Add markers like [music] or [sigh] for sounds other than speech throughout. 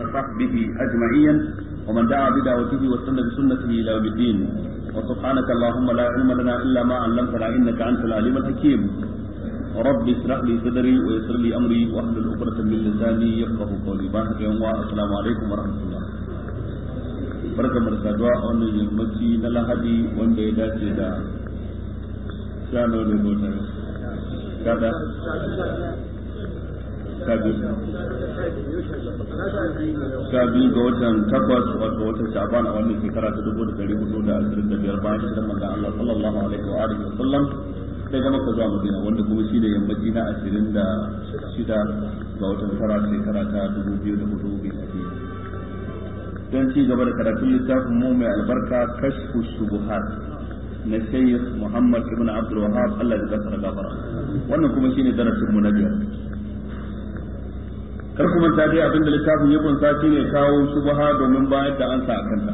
وصحبه أجمعين ومن دعا بدعوته واستنى بسنته إلى يوم الدين وسبحانك اللهم لا علم لنا إلا ما علمتنا إنك أنت العليم الحكيم رب اشرح لي صدري ويسر لي أمري واحلل عقدة من لساني يفقه قولي بارك يوم السلام عليكم ورحمة الله barka mu دعاء saduwa a wannan yammaci na lahadi wanda ya dace da sha nawa sha biyu ga watan takwas wato watan sha'ban a wannan shekara ta dubu da dari hudu da ashirin da biyar bayan shirin manzon Allah sallallahu alaihi wa alihi wasallam sai ga maka zuwa Madina wanda kuma shi ne yammaci na ashirin da shida ga watan tara shekara ta dubu biyu da hudu bai tafi don ci gaba da karatun littafin mu mai albarka kashfu shubuhat na Shaykh Muhammad ibn Abdul Wahhab Allah ya gafara gafara wannan kuma shine darasin mu na biyar kar ku manta dai abinda littafin ya kunsa ne kawo subha domin bayar da ansa a kanta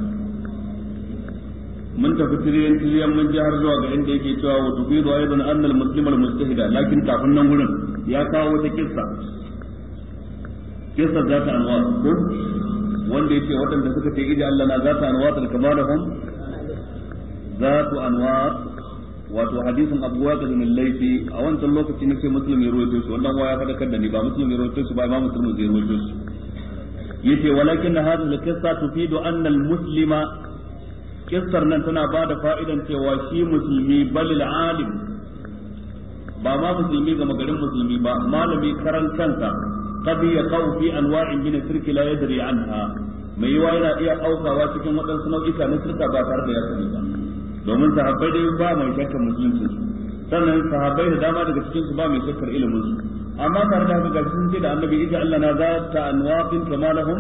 mun tafi tiriyan tiriyan mun har zuwa ga inda yake cewa wa tubidu aidan anna al-muslim al-mujtahida lakin kafin nan gurin ya kawo wata kissa kissa za ta anwa ko wanda yake waɗanda suka ce ida Allah na za ta anwa ta kamalahum za ta anwa wato hadisin Abu Waqid min Laifi a wancan lokaci nake Muslim ya rawaito shi wannan waya fadakar da ni ba Muslim ya rawaito shi ba Imam Muslim ya rawaito shi yace walakin hadhihi al-qissa tufidu anna al-muslima kissar nan tana ba da fa'idan cewa shi musulmi balil alim ba ma musulmi ga magarin musulmi ba malami karan kansa qad yaqau fi anwa'in min shirki la yadri anha mai yawa yana iya aukawa cikin waɗansu nau'ika na shirka ba tare da ya sani ba domin sahabbai dai ba mai shakkar musulunci sannan sahabbai da dama daga cikin su ba mai shakkar ilimin su amma tare da haka sun ce da annabi idza Allah na za ta anwaqin kama lahum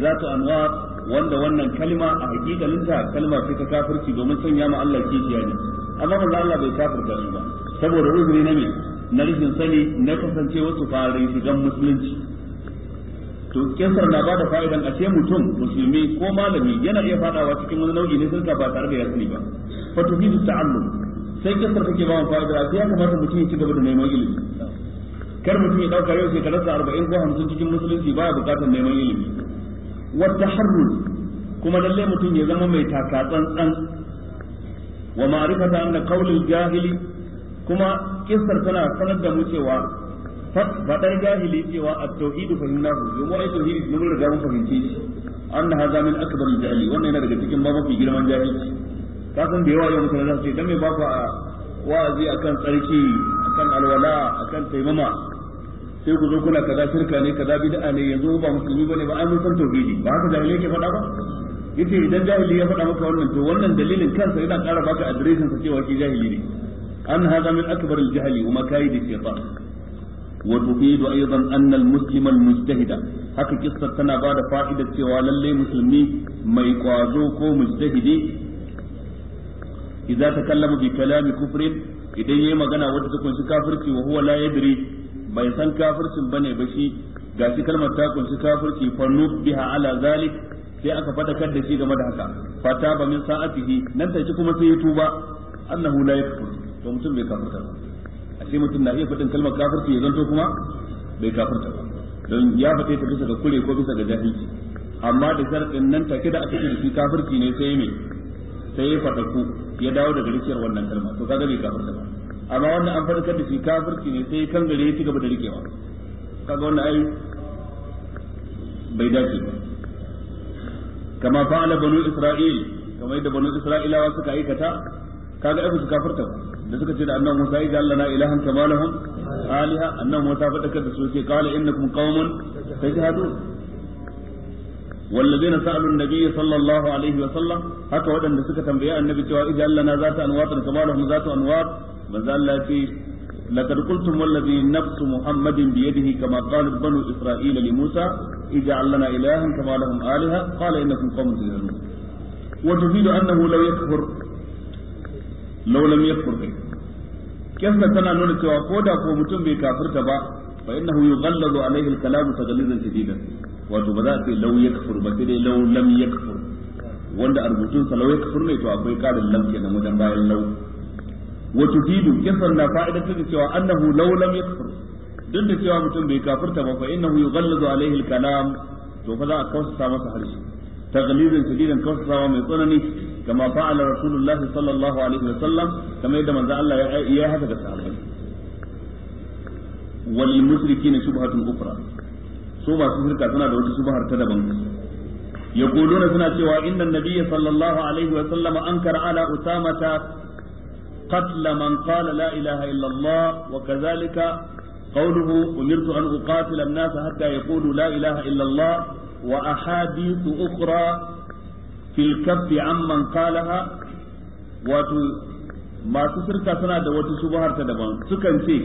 za ta anwaq wanda wannan kalma a hakikalinta kalma ce ta kafirci domin sanya ma Allah kishiya ne amma manzo Allah bai kafirta su ba saboda uzuri na me na rashin sani na kasance wasu farin shigan musulunci to kisar na bada fa'idan a ce mutum musulmi ko malami yana iya fadawa cikin wani nau'i ne sirka ba tare da ya sani ba fa bi ta'allum sai kisar take ba mu fa'ida sai ya kamata mutum ya ci gaba da neman ilimi kar mutum ya dauka yau sai rasa arba'in ko hamsin cikin musulunci ya bukatar neman ilimi wata harrul kuma lalle mutum ya zama mai taka tsantsan wa ma'rifata anna qawlul jahili kuma kissar tana sanar da mu cewa fadar jahili cewa a at-tauhid fannahu yo mu ai tauhidi mun da mun fahimci shi an hadha min akbar al-jahili wannan yana daga cikin mafi girman Ta san da yawa yau mutane za su ce dan me ba ku a kan tsarki a akan alwala kan taimama sai ku zo kuna kaza shirka ne kaza da'a ne yanzu ba musulmi ba ne ba ai mun san tauhidi ba haka jahili yake faɗa ba yace idan jahili ya faɗa maka wannan to wannan dalilin kansa yana ƙara baka adireshin sa cewa ke jahili ne an hadha min akbar al-jahli wa makayid ash-shaytan وتفيد أيضا أن المسلم المجتهد حكى قصة تنا بعد فائدة سوى للي مسلمي ما يقوازوكو مجتهدي إذا تكلم بكلام كفر idan yayi magana wadda ta kunshi kafirci wa ya la yadri bai san kafircin bane ba shi gashi kalmar ta kunshi kafirci fa biha ala zalik sai aka fadakar da shi game da haka fata ba min sa'atihi nan take kuma sai ya tuba annahu la yakfur to mutum bai kafirta ba ashe mutum na iya faɗin kalmar kafirci ya zanto kuma bai kafirta ba don ya faɗe ta bisa ga kure ko bisa ga jahilci amma da sharɗin nan take da aka ce da shi kafirci ne sai me sai ya faɗa ku ya dawo daga rikiyar wannan kalma to kaga bai kafirta ba amma wannan an farkar da shi kafirci ne sai kan gare ya ci gaba da rikewa kaga wannan ai bai dace ba kama fa'ala banu isra'il kamar yadda banu isra'ilawa suka aikata kaga ai su kafirta ba da suka ce da annabi Musa ya Allah na ilahan kama lahum aliha annabi Musa fadakar da su ce qala innakum qaumun tajhadun والذين سألوا النبي صلى الله عليه وسلم haka waɗanda suka tambaye annabi cewa idan Allah na zata anwatar kama lahum zata anwar manzo Allah ya ce لقد قلتم والذي نفس محمد بيده كما قالت بنو إسرائيل لموسى اجعل لنا إلها كما لهم آلهة قال إنكم قوم تجهلون وتفيد أنه لو يكفر لو لم يكفر فيه kissa tana nuna cewa ko da ko mutum bai kafirta ba fa innahu yughallazu alaihi al-kalamu taghalizan shadidan wato ba za a ce law yakfur ba sai dai law lam yakfur wanda a rubutun sa law yakfur ne to akwai karin lam kenan wajen bayan law wa tufidu kissar na fa'idatu da cewa annahu law lam yakfur duk da cewa mutum bai kafirta ba fa innahu yughallazu alaihi al-kalam to fa za a kausa masa harshe taghalizan shadidan kausa mai tsanani kama fa'ala rasulullah sallallahu alaihi wa sallam kamar yadda manzo Allah ya yi haka ga sahabbai wal musrikina shubhatun ukhra so ba su shirka suna da wata shubhar ta daban yaquluna suna cewa inna nabiyya sallallahu alaihi wa sallam ala usamata قتل من قال لا إله إلا الله وكذلك قوله أمرت أن أقاتل الناس حتى يقولوا لا إله إلا الله وأحاديث أخرى fil kaffi amman qalaha wato masu shirka suna da wata shubhar ta daban sukan ce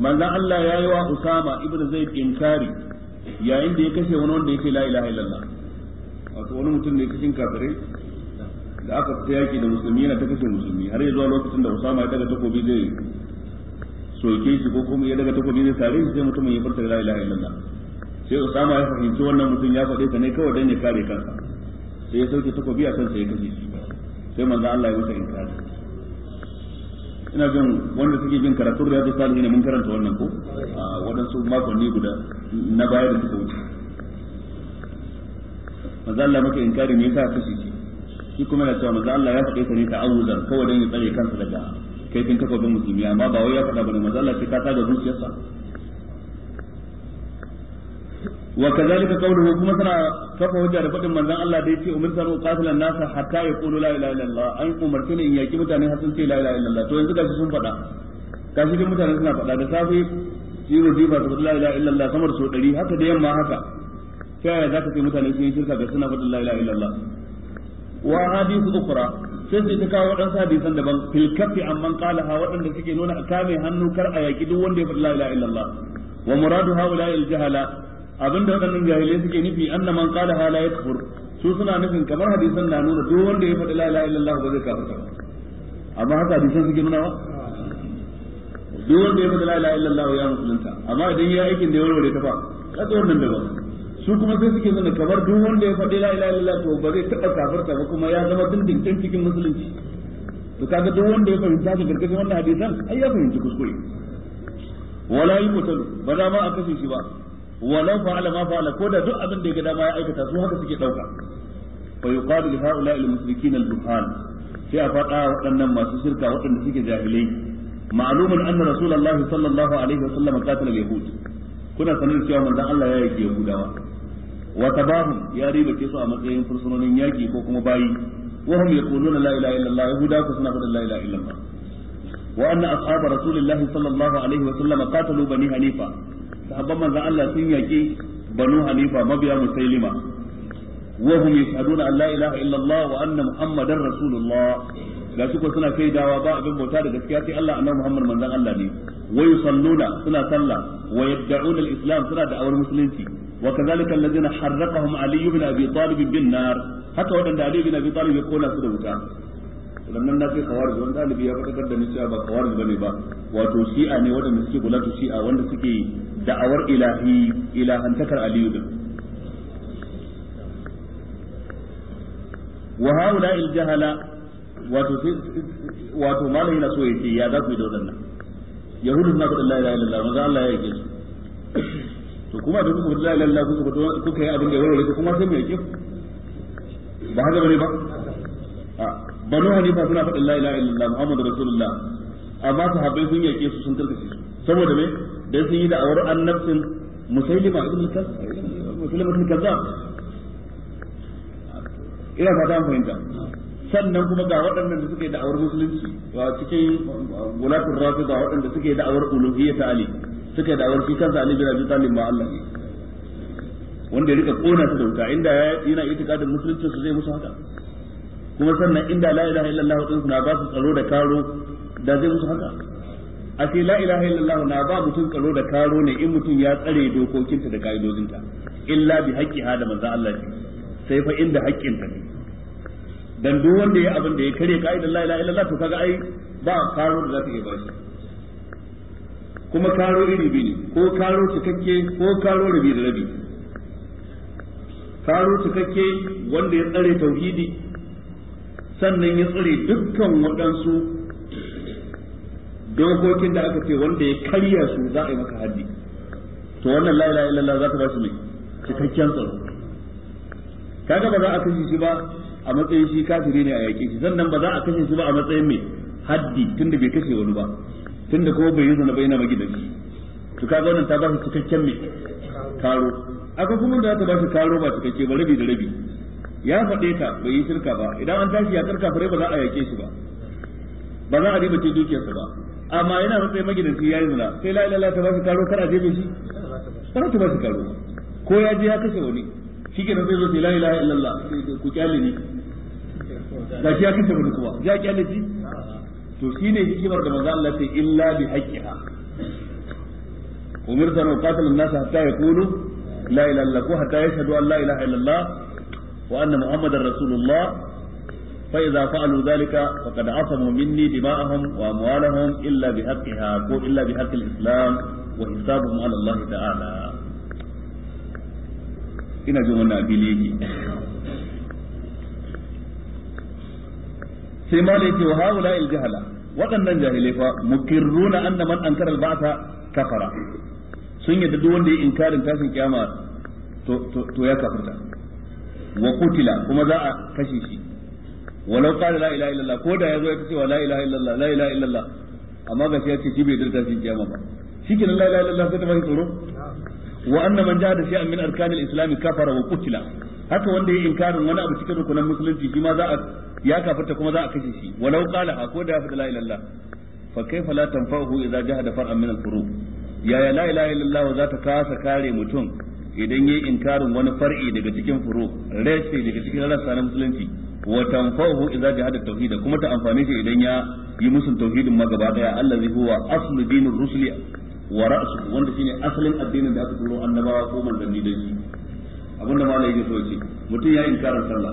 manzon Allah yayi wa Usama ibn Zaid inkari yayin da ya kashe wani wanda yake la ilaha illallah wato wani mutum ne cikin kafirai da aka fita yaki da musulmi yana ta kashe musulmi har ya zuwa lokacin da Usama ya daga takobi zai soke shi ko kuma ya daga takobi zai sare shi sai mutumin ya furta la ilaha illallah sai Usama ya fahimci wannan mutum ya faɗe ta ne kawai dan ya kare kansa sai ya sauke takobi a kansa ya kashe shi sai manzo Allah ya masa inkari ina jin wanda suke bin karatun riyadu ne mun karanta wannan ko a waɗansu makonni guda na baya da suka wuce manzo Allah maka inkari me yasa kashe shi shi kuma yana cewa manzo Allah ya faɗe ka ne ta'awuzan kawai dan ya tsare kansa daga kaifin takobin musulmi amma ba wai ya faɗa bane manzo Allah sai ka tsaga zuciyarsa wa kazalika qawluhu kuma sana kafa hujja da faɗin manzon Allah da yace umirtu an uqatila an-nasa hatta yaqulu la ilaha illallah an umartu ne in yaki mutane har sun ce la ilaha illallah to yanzu gashi sun faɗa gashi dai mutane suna faɗa da safe yi rudiba su la ilaha illallah kamar so ɗari haka da yamma haka ta yaya za ka ce mutane sun yi shirka ga suna faɗin la ilaha illallah wa hadithu ukhra sai sai ta kawo waɗansu hadisan daban filkafi kafi amman qalaha waɗanda suke nuna kame hannu kar a yaki duk wanda ya faɗi la ilaha illallah wa muradu haula al jahala abinda waɗannan jahilai suke nufi anna man qala la yakfur su suna nufin kamar hadisan na nuna duk wanda ya faɗi la ilaha illallah ba zai kafir ba amma haka hadisan suke nuna ba duk wanda ya faɗi la ilaha illallah ya musulunta amma idan ya aikin da ya warware ta fa kaga wannan da ba su kuma sai suke nuna kamar duk wanda ya faɗi la ilaha illallah to ba zai taɓa kafirta ba kuma ya zama dindin ɗin cikin musulunci to kaga duk wanda ya fahimta ka karkashin wannan hadisan ai ya fahimci kuskure wala yi mutalu ba za ma a kashe shi ba walau fa'ala ma ko da duk abin da ya ga dama ya aikata su haka suke dauka fa yuqalu li ha'ula'i al-mushrikeena al sai a faɗa waɗannan masu shirka waɗanda suke jahilai ma'lumun anna rasulullahi sallallahu alaihi wasallam qatala al-yahud kuna sanin cewa manzon Allah ya yake yahudawa wa tabahum ya ribace su a matsayin fursunonin yaki ko kuma bayi wa hum yaquluna la ilaha illallah yahuda ku suna faɗin la illallah wa anna ashab rasulillahi sallallahu alaihi bani hanifa sahabban manzon Allah sun yaki banu hanifa mabiya musailima wa hum yashhaduna an la ilaha illa Allah wa anna muhammadar rasulullah ga su ko suna kai dawa ba abin bauta da gaskiya sai Allah annabi Muhammad manzon Allah ne wa yusalluna suna sallah wa yad'una al-islam suna da awar musulunci wa kadhalika alladhina harraqahum Ali ibn Abi Talib bin nar haka wadanda Ali ibn Abi Talib ya kona su da wuta sannan na ce khawarij wanda alibi ya fadakar da ni cewa ba khawarij ne ba wato shi'a ne waɗanda suke gulatu shi'a wanda suke da'awar ilahi ilahantakar aliyu din wa haula il jahala wato wato malai na so yace ya za ku yi da wannan yahudu na faɗin la ilaha illallah maza Allah ya yake su to kuma da kuka faɗi la ilaha illallah kuka kuka yi abin da ya warware kuma sai mu yake ba haka bane ba banu hanifa suna faɗin la ilaha illallah muhammadu rasulullah amma sahabbai sun yake su sun tarkace su saboda me da sun yi da'awar annabcin musailima ibn musailima ibn kaza ina fata fahimta sannan kuma ga waɗannan da suke da'awar musulunci wa cikin rafi ga waɗanda suke da'awar ta ali suke da'awar shi kansa ali bin abi talib ma Allah ne wanda ya rika kona su da wuta inda yana itikadin musulunci su zai musu haka kuma sannan inda la ilaha illallah din na ba su tsaro da karo da zai musu haka a ce la ilaha illallah na ba mutum tsaro da karo ne in mutum ya tsare dokokinta da ka'idojinta illa bi ha da manzo Allah ce sai fa inda haƙƙin ta ne dan duk wanda ya abin da ya kare ka'idar la ilaha illallah to kaga ai ba karo da za ta iya shi kuma karo iri biyu ne ko karo cikakke ko karo rabi da rabi karo cikakke wanda ya tsare tauhidi sannan ya tsare dukkan waɗansu dokokin da aka ce wanda ya karya su za a yi maka haddi to wannan la ilaha illallah za ta ba shi mai cikakken tsaro kaga ba za a kashe shi ba a matsayin shi kafiri ne a yaƙe shi sannan ba za a kashe shi ba a matsayin mai haddi tunda bai kashe wani ba tunda kuma bai yi zana bai na shi to kaga wannan ta ba shi cikakken mai karo akwai kuma da ta ba shi karo ba cikakke ba rabi da rabi ya faɗe ta bai yi shirka ba idan an tashi ya karka fure ba za a yaƙe shi ba ba za a riba ce dukiyarsa ba amma yana rufe magidanci yi zina sai la ilaha ta ba karo kar a jefe shi kar ta ba karo ko ya je ya kashe wani shikenan zai zo sai la ilaha illallah ku kyale ni da ya kashe wani kuma ya kyale shi to shine hikimar da manzo Allah sai illa bi haqqiha umirtu an uqatila an-nas hatta yaqulu la ilaha illallah hatta yashhadu an la ilaha illallah wa anna muhammadar rasulullah fa idza fa'alu dhalika faqad asamu minni dima'ahum wa amwalahum illa bihaqqiha ko illa bihaqqil islam wa hisabuhum ala Allah ina jin wannan abili yake sai ma da yake wa waɗannan jahilai fa mukirruna anna man kafara sun yi duk wanda ya inkarin tashin kiyama to to ya kafirta wa kutila kuma za a kashe shi walau qala la ilaha illallah ko da yazo ya ce la ilaha illallah la ilaha illallah amma ga shi bai dirta shi kiyama ba shikenan la ilaha illallah sai ta bai tsoro wa anna man jahada a min arkanil islam kafara wa qutila haka wanda ya inkarin wani abu cikin rukunan musulunci shi ma za ya kafarta kuma za a kashe shi walau qala a da ya fada la ilaha illallah fa kaifa la tanfa'uhu idza jahada furu yaya la ilaha illallah kasa kare mutum idan yayi inkarin wani far'i daga cikin furu rashi daga cikin rassa na musulunci wa tanfahu idza jahada tauhid kuma ta amfani shi idan ya yi musun tauhidin ma gaba daya allazi huwa aslu dinir rusuli wa ra'su wanda shine asalin addinin da aka turo annabawa ko manzanni da shi abinda malai yake so ce mutum ya inkarin sallah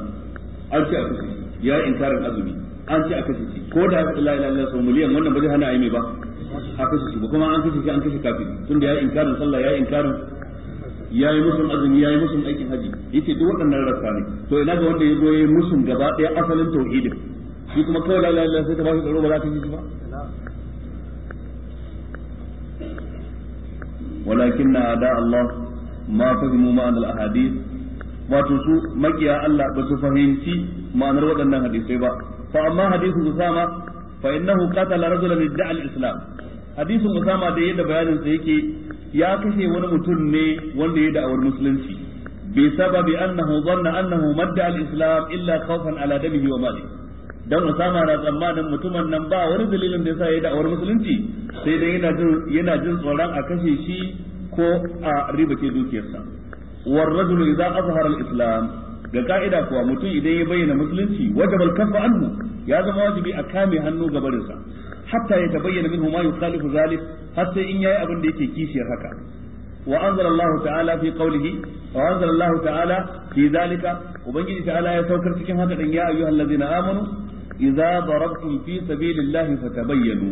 an ce a kashe ya inkarin azumi an ce a kashe shi ko da haka la ilaha illallah miliyan wannan ba zai hana a yi mai ba a kashe shi kuma an kashe shi an kashe kafin tunda ya inkarin sallah ya inkarin Ya yi musun azumi ya yi musun aikin haji yace duk waɗannan rassa ne to ina ga wanda ya zo yayi musun gaba ɗaya asalin tauhidin shi kuma kawai la ilaha illallah sai ta ba shi tsaro ba za ta yi ba ولكن أعداء الله ما فهموا معنى الأحاديث wato su makiya Allah ba su fahimci ma'anar waɗannan hadisai ba fa amma hadisin Usama fa innahu qatala rajulan min da'al islam hadisin Usama da yadda bayanin sa yake ya kashe wani mutum ne wanda ya da'awar musulunci bi sababi annahu dhanna annahu madda al-islam illa khawfan ala damihi wa mali dan Usama na tsammanin mutumin nan ba wani dalilin da yasa ya da'awar musulunci sai dai yana jin yana jin tsoron a kashe shi ko a ke dukiyarsa war rajulu idza azhara al-islam ga ka'ida kuwa mutum idan ya bayyana musulunci wajibal kafa annu, ya zama wajibi a kame hannu ga barinsa hatta ya tabayyana minhu ma yukhalifu zalik har sai in ya yi abin da yake kishiyar haka wa anzala Allah ta'ala fi qawlihi wa ta'ala fi zalika ubangiji ta'ala ya saukar cikin haka dan ya ayyuhallazina amanu idza darabtum fi sabilillahi fatabayyanu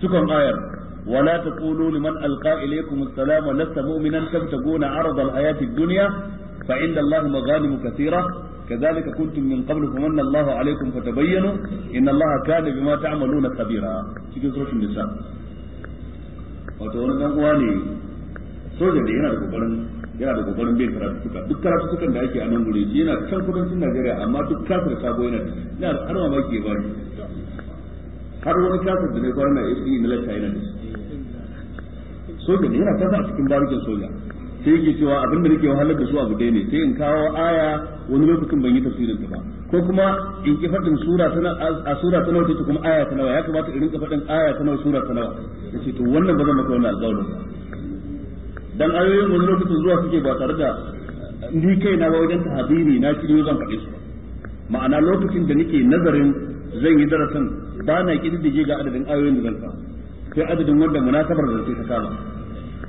sukan ayar ولا تقولوا لمن ألقى إليكم gona لست مؤمنا duniya? عرض الحياة الدنيا فعند الله مغانم كثيرة كذلك كنتم من قبل فمن الله عليكم فتبينوا إن الله كان بما تعملون خبيرا cikin suratul النساء wato wani dan uwa دي soja da yana da kokarin da kokarin bin karatu suka duk karatu suka da ake a nan gure shi yana can kudancin Najeriya amma duk kasar sabo yana da yana har ma ke ba har wani kasar da ne ya SD na lacca yana da soja ne yana kasa a cikin barikin soja sai yake cewa abin da nake wahalar da su abu dai ne sai in kawo aya wani lokacin ban yi tafsirin ta ba ko kuma in ki faɗin sura tana a sura tana wata kuma aya tana ya kamata in rinka fadin aya tana sura tana yace to wannan ba zan maka wannan alƙawarin dan ayoyin wani lokacin zuwa suke ba tare da ni na ba wajen tahabiri na shiryo zan faɗi su ma'ana lokacin da nake nazarin zan yi darasin ba na kididdige ga adadin ayoyin da zan sa sai adadin wanda munasabar da ta kama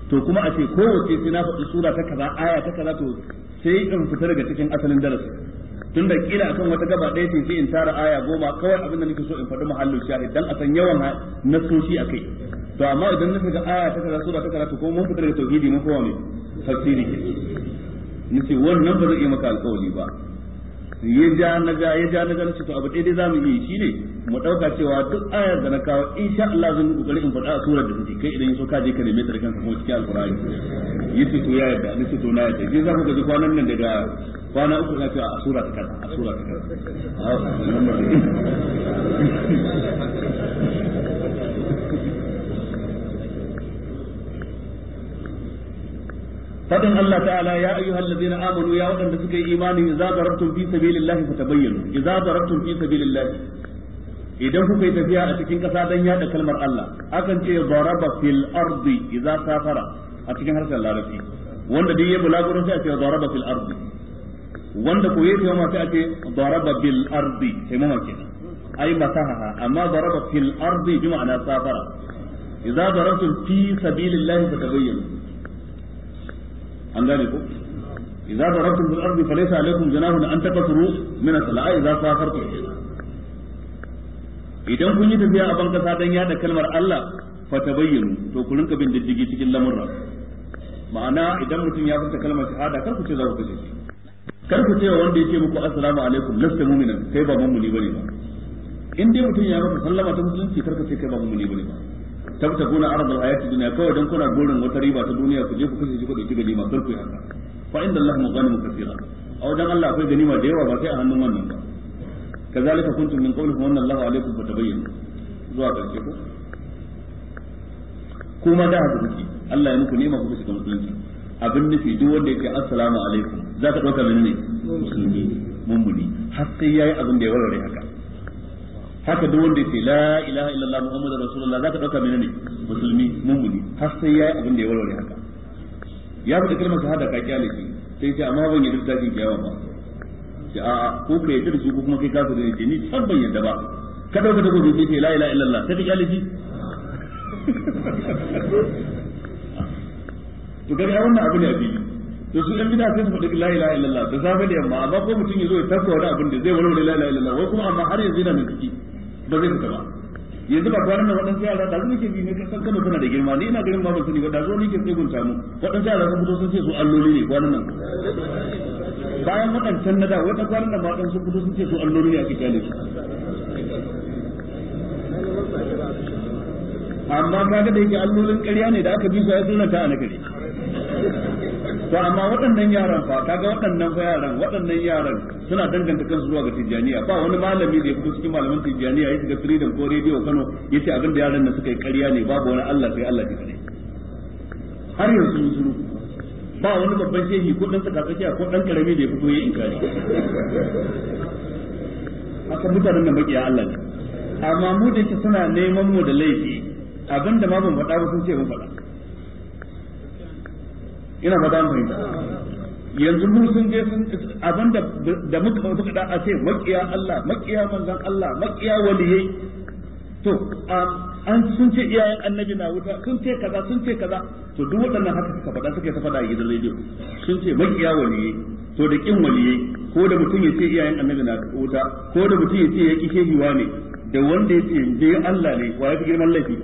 to kuma a ce kowace sai na faɗi sura ta kaza aya ta kaza to sai in fita daga cikin asalin darasi tun da kila akan wata gaba ɗaya ce sai in tara aya goma kawai abin da nake so in faɗi muhallin shahid dan a san yawan nasoshi kai. to amma idan na shiga aya ta kaza sura ta kaza to ko mun fita daga tauhidi mun kowa ne tafsiri ce wannan ba zai yi maka alƙawari ba ya ja na ga ya ja na ga to abu ɗaya dai zamu yi shi ne? mu dauka cewa duk ayar da na kawo insha Allah zan yi kokari in faɗa a surar da take kai idan yaso ka je ka neme ta da kanka ko cikin alqur'ani yace to ya yarda nace to na yarda je za ku gaji kwanan nan daga kwana uku na cewa a sura ta kaza a sura ta kaza fadin Allah ta'ala ya ayyuhal ladzina amanu ya wadanda suka yi imani idza darabtum fi sabilillahi fatabayyanu idza darabtum fi sabilillahi idan kuka yi tafiya a cikin ƙasa don yada kalmar Allah akan ce daraba fil ardi idza safara a cikin harshen larabci wanda duk yayi bulagurin sai a ce daraba fil ardi wanda ko yayi taimama sai a ce daraba bil ardi sai mu kenan ai masahaha amma daraba fil ardi bi ma'ana safara idza darabtum fi sabilillahi fatabayyanu an gane ko idza darabtum fil ardi falaysa alaykum junahun an taqsuru min as-sala'i idza safartum idan kun yi tafiya a ban kasa dan yada kalmar Allah fa bayyana to ku rinka bin diddigi cikin lamurra ma'ana idan mutum ya fita kalmar shahada kar ku ce za ku kace kar ku ce wanda yake muku assalamu alaikum lasta mu'minan kai ba mu'mini bane ba in dai mutum ya rubuta sallama ta musulunci kar ka ce kai ba mu'mini bane ba kuna ardal hayati dunya kawai dan kuna gurin wata riba ta duniya ku je ku kashe shi kudi ki ganima kar ku yi haka fa inda Allah mughanimu kaseera a wajen Allah akwai ganima da yawa ba sai a hannun wannan ba kazalika kuntum min qablikum wa Allahu alaikum fatabayyanu zuwa karshe ko kuma da haka kuke Allah ya muku nema ku shiga musulunci abin nufi duk wanda yake assalamu alaikum za ka dauka menene musulmi mummuni har sai yayi abin da ya warware haka haka duk wanda yake la ilaha illallah muhammadur rasulullah za ka dauka menene musulmi mummuni har sai yayi abin da ya warware haka ya faɗi kalmar shahada ka kyale shi sai ce amma ban yi duk tashin kiyama ba ce a'a ko ka yadda da su ko kuma kai kafiri ne ce ni san ban yadda ba ka dauka da gobe sai la ilaha illallah sai ka kyalifi to a wannan abu ne abi to su dan bid'a sai su faɗi la ilaha illallah da safe da yamma amma ko mutum ya zo ya tafka wani abin da zai walwala la ilaha illallah wai kuma amma har yanzu yana mai ciki ba zai fita ba yanzu ba kwanan nan waɗansu yara da zuwa ke ji ne san kano tana da girma ni ina garin ma sani ba da zuwa ne ke tsegunta mu waɗansu yara sun fito sun ce su alloli ne kwanan nan bayan waɗancan na da wata kwanan da maɗan su fito sun ce su alloli ne a cikin ne amma ga da yake allolin ƙarya ne da aka bi su ya ta a nagari to amma waɗannan yaran fa kaga waɗannan fa yaran waɗannan yaran suna danganta kansu zuwa ga Tijjaniya ba wani malami da ya fito cikin malaman Tijjaniya ya shiga Freedom ko Radio Kano yace abin da yaran nan suka yi ƙarya ne babu wani Allah sai Allah ne har yanzu sun ba wani babban shehi ko dan saka tsakiya ko dan karami bai fito yayin kare haka mutanen nan makiya Allah ne amma mu da yake suna neman mu da laifi abinda ma ban faɗa ba sun ce mun faɗa ina ba dan fahimta yanzu mun sun je sun abinda da muka muka faɗa a ce makiya Allah makiya manzon Allah makiya waliyai to an sun ce iyayen annabi na wuta sun ce kaza sun ce kaza to duk waɗannan haka suka faɗa suka ta faɗa a gidan rediyo sun ce makiya waliye to da kin waliye ko da mutum ya ce iyayen annabi na wuta ko da mutum ya ce ya ki shehiwa ne da wanda ya ce bai Allah ne wa ya fi girman laifi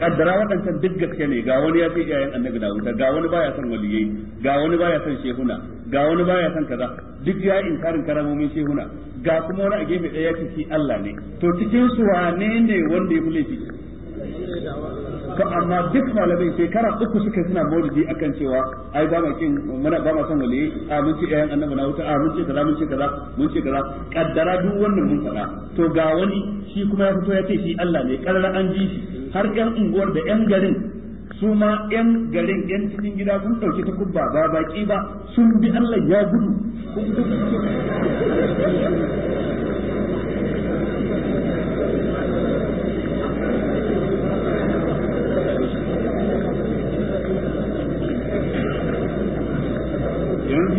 kaddara waɗancan duk gaske ne ga wani ya fi iyayen annabi da wuta ga wani baya son waliyai ga wani baya son shehuna ga wani baya son kaza duk ya karin karamomin shehuna ga kuma wani a gefe ɗaya ya ki Allah ne to cikin su wane ne wanda ya fi laifi to amma duk malamai shekara uku suka suna maulidi akan cewa ai ba ma kin muna ba ma san waliyi a mun ce ayan annabi na wuta a mun ce kaza mun ce kaza mun ce kaza kaddara duk wannan mun faɗa to ga wani shi kuma ya fito ya ce shi Allah ne karara an ji shi har yan unguwar da yan garin su ma yan garin yan cikin gida sun dauki ta kubba ba baki ba sun bi Allah ya gudu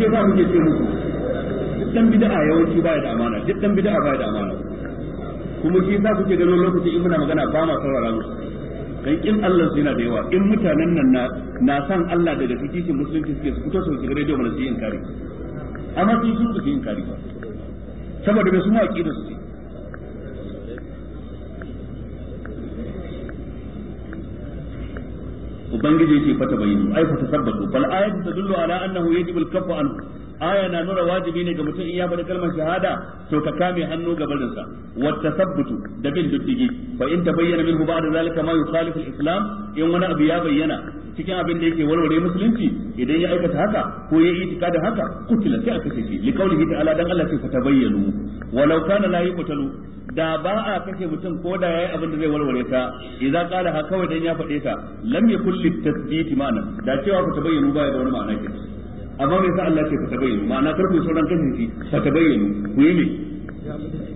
shi yasa muke ce muku duk dan bid'a yawanci baya da amana duk dan bid'a baya da amana kuma shi yasa kuke ganin lokacin in muna magana ba ma saurara musu kai in Allah su yana da yawa in mutanen nan na na san Allah daga cikin musulunci suke su fito su shiga rediyo mana su yi inkari amma su su su yi inkari saboda bai su ma aqida su ce ubangiji yake fata bayyinu ai fa tasabbatu bal ayatu tadullu ala annahu yajibu al-kaffu an aya na nuna wajibi ne ga mutum in ya faɗi kalmar shahada to ka kame hannu ga barin sa wa tasabbutu da bin diddigi fa in tabayyana minhu ba'da zalika ma yukhalifu al-islam in wani abu ya bayyana cikin abin da yake warware musulunci idan ya aikata haka ko ya yi da haka kutila sai aka kashe shi li qawlihi ta'ala dan Allah sai fa tabayyanu walau kana la yuqtalu da ba a kashe mutum ko da yayi abin da zai walwale ta idan kala ha kawai dan ya fade ta lam yakul litasbiti ma'ana da cewa ku tabayyanu ba ya da wani ma'ana ke amma me yasa Allah ke ku tabayyanu ma'ana kar sauran kan shi fa tabayyanu ku yi ne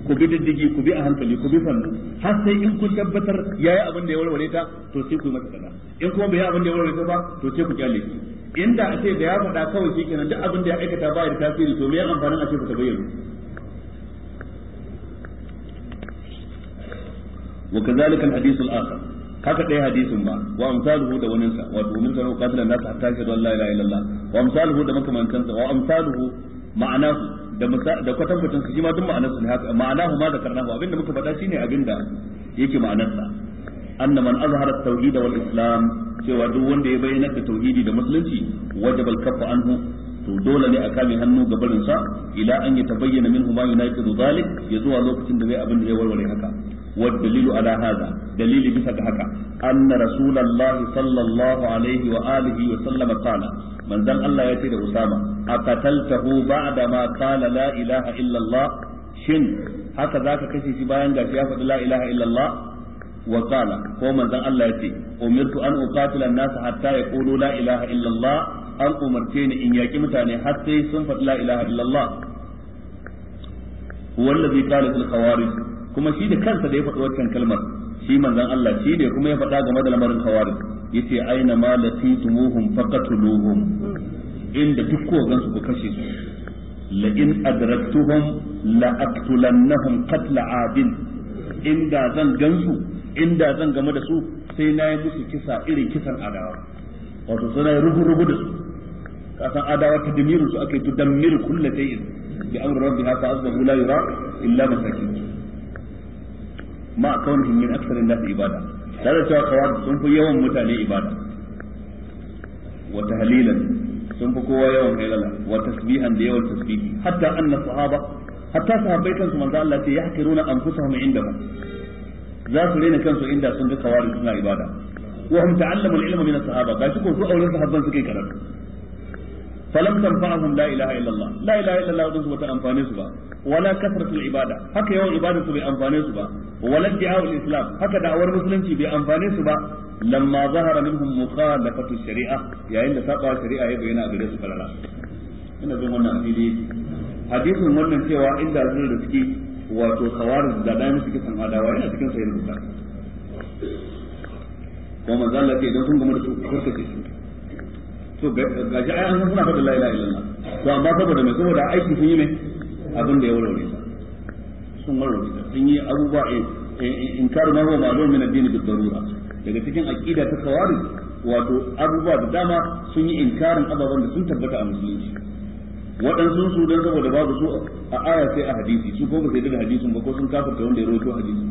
ku bi diddigi ku bi a hankali ku bi sannu har sai in kun tabbatar yayi abin da ya walwale ta to sai ku yi masa kaza in kuma bai yi abin da ya walwale ta ba to sai ku kyale shi inda a ce da ya faɗa kawai kenan duk abin da ya aikata ba ya da tasiri to me ya amfanin a ce ku tabayyanu wa kadhalika al-hadith al-akhar haka dai hadisin ba wa amsaluhu da waninsa wato min kana qatilan nas hatta ka la ilaha illallah wa amsaluhu da makamantansa wa amsaluhu ma'anahu da da kwatankwatan shi ma duk ma'anarsa ne haka ma'anahu ma da zakarnahu abinda muka faɗa shine abinda yake ma'anarsa anna man azhara at-tauhid wal islam cewa duk wanda ya bayyana da tauhidi da musulunci wajaba al-kaffu anhu to dole ne a kame hannu ga barinsa sa ila an ya tabayyana minhu ma yunaqidu zalik ya zuwa lokacin da zai abin da ya warware haka والدليل على هذا دليل بسك هكا أن رسول الله صلى الله عليه وآله وسلم قال من ذن الله يتيد أسامة أقتلته بعدما قال لا إله إلا الله شن haka za ka kashe shi bayan gashi ya faɗi la ilaha illallah wa qala ko manzon Allah yace umirtu an uqatila an-nas hatta yaqulu la ilaha illallah an umarce ni in yaki mutane har sai sun faɗi la ilaha illallah kuma shi da kansa da ya faɗi waccan kalmar shi manzon Allah shi ne kuma ya faɗa game da lamarin khawarij yace aina ma latitumuhum faqatuluhum inda duk kogan su ku kashe su la in adraktuhum la aqtulannahum qatl abin inda zan gansu inda zan game da su sai na yi musu kisa irin kisan adawa wato suna yi rubu-rubu da su kasan adawa ta damirin su aka yi tudammiru kullatai bi amru rabbiha fa asbahu la yura illa masakin ma kaunihim min aktsarin nas ibada tare da cewa kawar sun fi yawan mutane ibada wata halilan sun fi kowa yawan halala wa tasbihan da yawan tasbihi hatta anna sahaba hatta sahabbai kansu manzo Allah ce yahkiruna anfusahum indahum za su rena kansu inda sun ga kawar suna ibada wa hum ta'allamu al-ilma min as-sahaba gashi ko su auren sahabban suke karatu falam tanfa'ahum la ilaha illallah la ilaha illallah wadun su bata amfane su ba wala kasratul ibada haka yawan ibadatu bai amfane su ba wala da'awul islam haka da'awar musulunci bai amfane su ba lamma zahara minhum mukhalafatu shari'a yayin da saba shari'a ya bayyana a gare su falala ina bin wannan fili hadisin wannan cewa inda zan da suke wato khawarij da dai musu kisan adawa yana cikin sahih bukhari ko manzo Allah ke don sun gama da su karkace su to ga shi ai an suna faɗin la ilaha illallah to amma saboda me saboda aiki sun yi ne abin da ya wurare ta sun wurare ta sun yi abubuwa eh, eh, eh, in karu na huwa ma'lum min addini da darura daga cikin aqida ta kawari wato abubuwa da dama sun yi inkarin ababen da sun tabbata a musulunci waɗansu su don saboda babu su a aya sai a hadisi su ko ba sai da hadisin ba ko sun kafarta wanda ya rawaito hadisi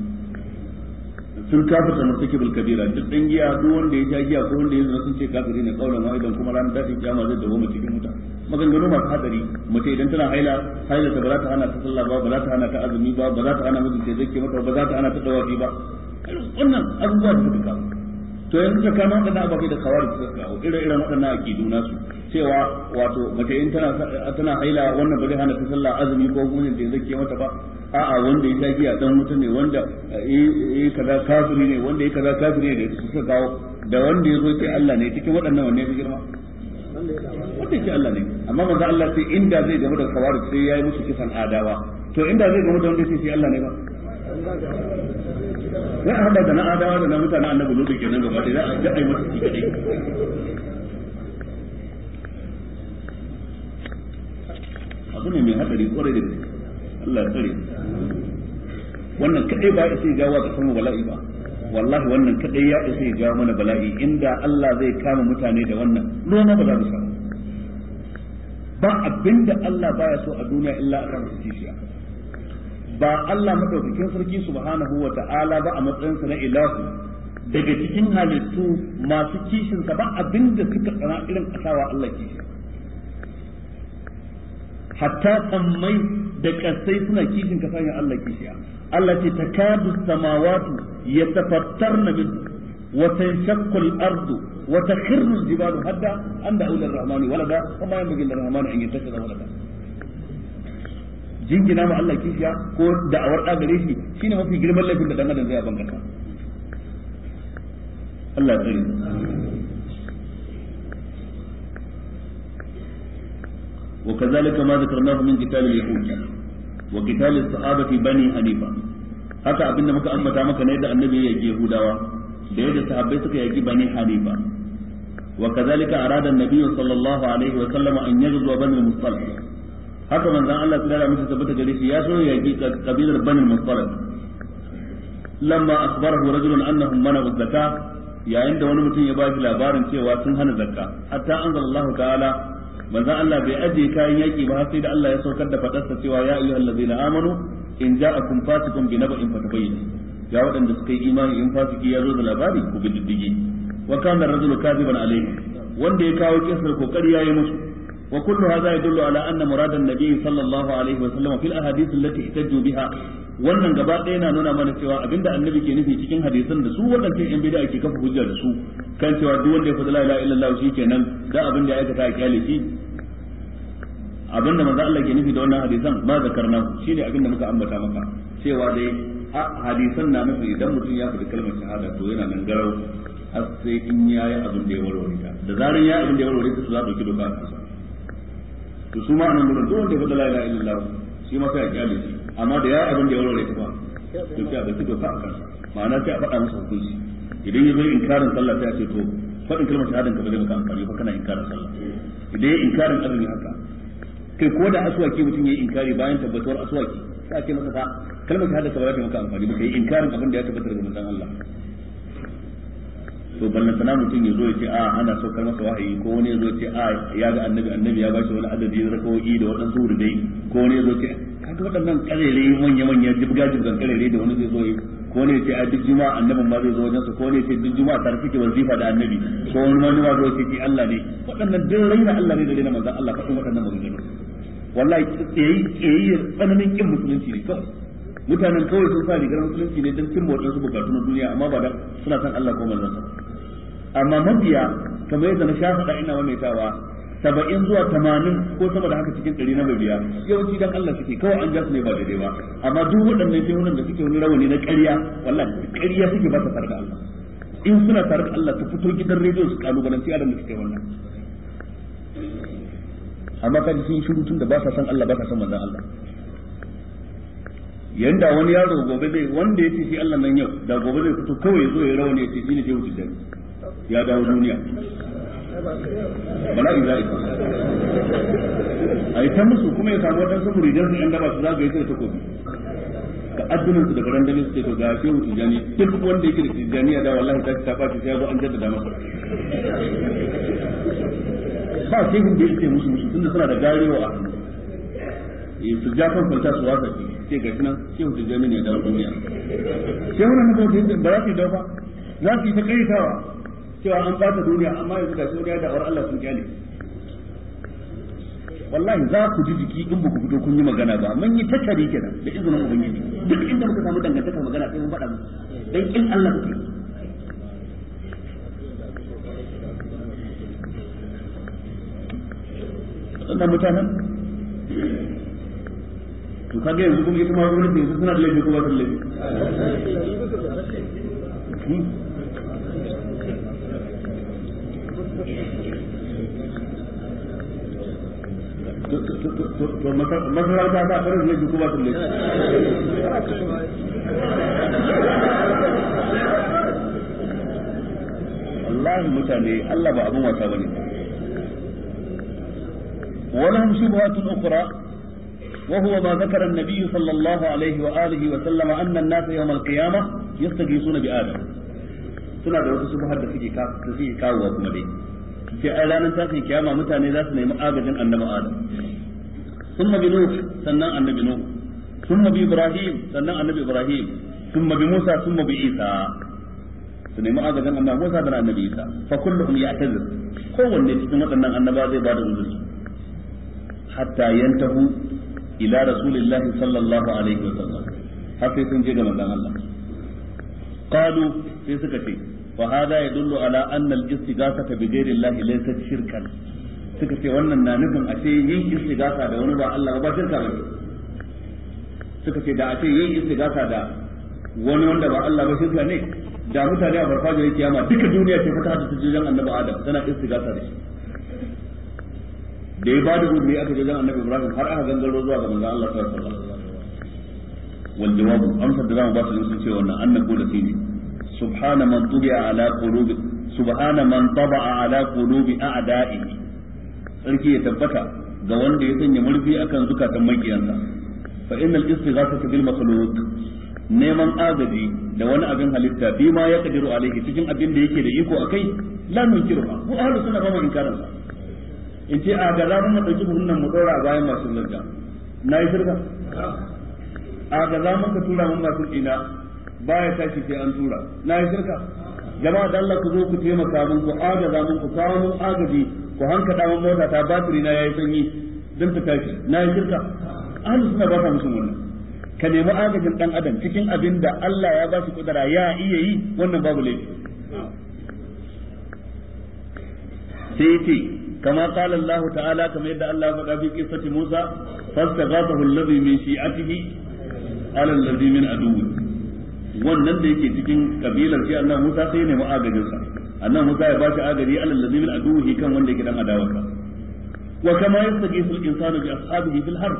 sun kafarta murtakibul kabira duk dan giya duk wanda ya ja giya ko wanda ya zina sun ce kafiri ne da ma'aikatan kuma ran da kiyama zai dawo mu cikin mutane maganganu masu hadari mace idan tana haila haila ta ba za ta hana ta sallah ba ba za ta hana ta azumi ba ba za ta hana mijin sai zake mata ba za ta hana ta dawafi ba wannan abubuwa da duka to yanzu ka kama waɗannan ababai da kawar da suka kawo ire-iren waɗannan duna su, cewa wato mace in tana tana haila wannan ba zai hana ta sallah azumi ko mijin sai zake mata ba a'a wanda ya tafi a dan mutum ne wanda eh, eh kaza kafiri ne wanda ya kaza kafiri ne da suka kawo da wanda ya zo sai Allah ne cikin waɗannan wanne ya girma wanda shi Allah ne amma manzo Allah sai inda zai gamu da kawari sai yayi musu kisan adawa to inda zai gamu da wanda sai shi Allah ne ba ya hada da na adawa da na mutanen annabi lutu kenan gaba da za a ga ai musu kike abu ne mai hadari kwarai da Allah ya wannan kadai ba ya sai gawa ga kuma bala'i ba wallahi wannan kadai ya isa ya jawo mana bala'i inda Allah zai kama mutane da wannan ruwa ba za mu samu ba abinda Allah baya so a duniya illa a kan kishiya ba Allah madaukakin sarki subhanahu wa ta'ala ba a matsayin sa na ilahu daga cikin halittu masu kishin sa ba abinda suka tsana irin asawa Allah kishiya hatta sammai da kasai suna kishin ka sanya Allah kishiya Allah ce takadu samawatu yatafattarna minhu وتنشق الأرض وتخر الجبال هدا أن دعوا للرحمن ولدا وما ينبغي للرحمن أن يتخذ ولدا jingina ma Allah kishiya ko da'awar da gare shi shine mafi girman laifin da dan adam zai ban kaka Allah tsare wa kazalika ma zakarnahu min qital al-yahud wa qital as-sahabati bani hanifa haka abinda muka ambata maka ne da annabi ya yahudawa da yadda sahabbai suka yaki bani harifa wa kazalika arada an-nabiy sallallahu alaihi wa sallam an yaghzu bani al haka manzon Allah ta dara musu tabbata gare shi ya so yaki kabilar bani al-mustalaq lamma akhbarahu rajulun annahum manabu zakka yayin da wani mutum ya ba shi labarin cewa sun hana zakka hatta anzalallahu ta'ala manzon Allah bai ajiye kayan yaki ba sai da Allah ya saukar da fadarsa cewa ya ayyuhallazina amanu in ja'akum fasiqun bi naba'in fatabayyanu ga waɗanda suka yi imani in fasiki ya zo da labari ku bi diddige wa kana rajulu kadiban alayhi wanda ya kawo kisar kokari yayi musu wa kullu hadha yadullu ala anna murada an-nabi sallallahu alaihi wa sallam fil ahadith allati ihtajju biha wannan gaba ɗaya na nuna mana cewa abinda annabi ke nufi cikin hadisan da su waɗancan yan bid'a ke kafa hujja da su kan cewa duk wanda ya faɗi la ilaha illallah shikenan da abin da ya aikata a kyale shi abinda manzo Allah ke nufi da wannan hadisan ma zakarna shine abinda muka ambata maka cewa dai hadisan na nufin idan mutum ya fita kalmar shahada to yana nan garau har sai in ya yi abin da ya warware ta da zarin ya yi abin da ya warware ta su za a ɗauki doka a kusa, to su ma anan gurin duk wanda ya faɗa la ilaha illallah shi ma sai a kyale shi amma da ya yi abin da ya warware ta ba to sai a ɗauki doka a kansa ma'ana sai a faɗa masa hukunci idan ya zo inkarin sallah sai a ce to faɗin kalmar shahadan ka ba zai maka amfani ba kana inkarin sallah idan ya inkarin azumi haka kai ko da aswaki mutum ya yi inkari bayan tabbatuwar aswaki sai a ce masa ta. kalmar shahada ta ba ta maka amfani ba kai inkarin abin da ya tabbata daga manzon Allah to ballan sana mutum ya zo ya ce a ana saukar masa wahayi ko wani ya zo ce a ya ga annabi annabi ya bashi wani adadi na rakawoyi da waɗansu hurdai ko wani ya zo ce kaga waɗannan karere manya manya jibga jibgan karere da wani zai zo ko wani ya ce a duk juma'a annabin ma zai zo wajensa ko wani ya ce duk juma'a tare suke wazifa da annabi ko wani ma ma zo ce Allah ne waɗannan duk raina Allah ne da raina manzon Allah ka kuma waɗannan maganganu wallahi tsayayyar tsananin kin musulunci ne kawai mutanen kawai sun sa rigar musulunci ne don cimma waɗansu bukatu na duniya amma ba da suna san Allah ko manzansa amma mabiya kamar yadda na sha faɗa ina tawa saba'in zuwa tamanin ko sama da haka cikin ɗari na mabiya yawanci dan Allah suke kawai an ja ne ba daidai ba amma duk waɗannan wannan da suke wani rawani na ƙarya wallahi ƙarya suke ba ta farka da Allah in suna tare da Allah ta fito gidan rediyo su kalubalanci adam da suke wannan amma kaji sun shiru tun da ba sa san Allah ba sa san manzon Allah yanda wani yaro gobe zai wanda ya ce shi Allah nan yau da gobe zai fito kawai zo ya rawa ne ya ce shi ne shehu tijjani ya dawo duniya bala in za'i a yi ta musu kuma ya samu wadansu muridan su yan daba su zagaye sai ta kofi ka addunan su da barandalin su ce to ga shehu tijjani duk wanda yake da tijjani ya dawo ya ta ta fashi sai ya zo an jaddada masa ba shehun da yake musu musu tunda suna da garewa a hannu Eh, su ja kan ga su dawo duniya sai wannan ba sun kyale wallahi za ku ji jiki in buku fito kun yi magana ba mun yi tattare kenan da izinin ubangiji duk inda muka samu dangantaka magana sai mun faɗa mu dan in Allah kuke sannan to kage yanzu kuma ita ma gwamnati yanzu suna da laifi kuma ba su da laifi to masarauta ba ta da laifi ko ba su da mutane Allah ba abin wasa bane wala hum shubhatun ukhra وهو ما ذكر النبي صلى الله عليه وآله وسلم أن الناس يوم القيامة يستغيثون بآدم suna da wasu subhar da suke suke wa kuma dai sai a ranar tashin kiyama mutane za su nemi agajin annabi Adam Sun bi nuh sannan annabi nuh Sun bi ibrahim sannan annabi ibrahim Sun bi musa sun bi isa su nemi agajin annabi Musa da annabi Isa fa kulluhum ya'tazir kowanne cikin waɗannan annaba zai bada uzuri hatta yantahu ila rasulillahi sallallahu alaihi wa har sai sun je ga manzon Allah qalu sai suka ce wa hada yadullu ala anna al istighatha bi ghairi Allah laysat shirkan suka ce wannan na nufin a ce yin istighatha da wani ba Allah ba shirka ba suka ce da a ce yin istighatha da wani wanda ba Allah ba shirka ne da mutane a farfajiyar kiyama duka duniya ce fata ta jiran annabi Adam tana istighatha da shi da ya ba da gurbi aka je annabi ibrahim har aka gangaro zuwa ga manzon Allah sallallahu alaihi wasallam wal jawabu amsar da zamu ba su sun ce wannan annabi da sai subhana man tubi'a ala qulubi subhana man taba'a ala qulubi a'da'ihi sarki ya tabbata ga wanda ya sanya murfi akan zukatan makiyansa fa innal istighathata bil makhluq neman agaji da wani abin halitta bi ma ya kadiru alaihi cikin abin da yake da iko akai la nunkiru ko ahlus sunna ba mu inkarin sa in ce a gaza zamu ɗauki buhun nan mu ɗora a bayan masu lalga na yi shirka a gaza zamu ka tura mun masu ba baya tashi sai an tura na yi shirka jama'a da Allah ku zo ku taimaka mun ku agaza mun ku kawo mun agaji ku hankada mun mota ta batiri na yayi sanyi dan ta tashi na yi shirka An suna ba ta musu wannan ka nemi agajin dan adam cikin abin da Allah ya ba shi kudura ya iya yi wannan babu laifi sai ce كما قال الله تعالى كما يدعى الله فقال في قصة موسى فاستغاثه الذي من شيعته على الذي من عدوه wannan da yake cikin kabilar shi Allah Musa sai ne ma'agajin sa Allah Musa ya bashi agaji alal ladhi min aduhi kan wanda yake dan ka. wa kama yastajibu al-insanu bi ashabihi fil harb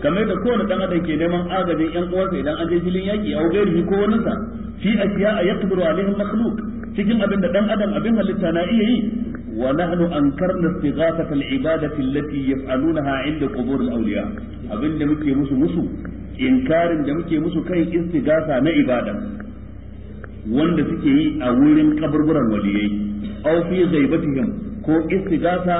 kamar da kowane dan adam ke neman agajin yan uwansa idan an je filin yaki a gairi ko wani sa fi ashiya yaqdiru alaihim makhluq cikin abin da dan adam abin halitta na iya yi ونحن أنكرنا استغاثة العبادة التي يفعلونها عند قبور الأولياء أبن دمكي مسو مسو إنكار دمكي مسو كي استغاثة نعبادة wanda suke yi a wurin kaburburan waliyai aw fi ghaibatihim ko istighatha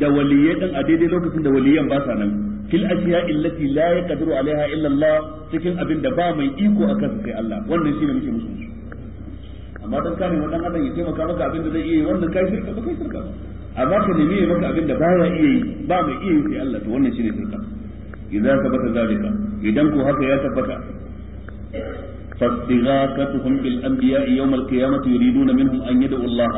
da waliyai din a daidai lokacin da waliyan ba sa nan fil ashiya illati la yaqdiru alaiha illa Allah cikin abin da ba mai iko akan sai Allah wannan shine muke musu amma dan kare wannan adam ya taimaka maka abin da zai iya yi wannan kai shirka ba kai shirka ba amma ka nemi ya maka abin da baya iya yi ba mai iya yi sai Allah to wannan shine shirka idan ka bata zalika idan ko haka ya tabbata فاستغاثتهم بالانبياء يوم القيامه يريدون منهم ان يدعوا الله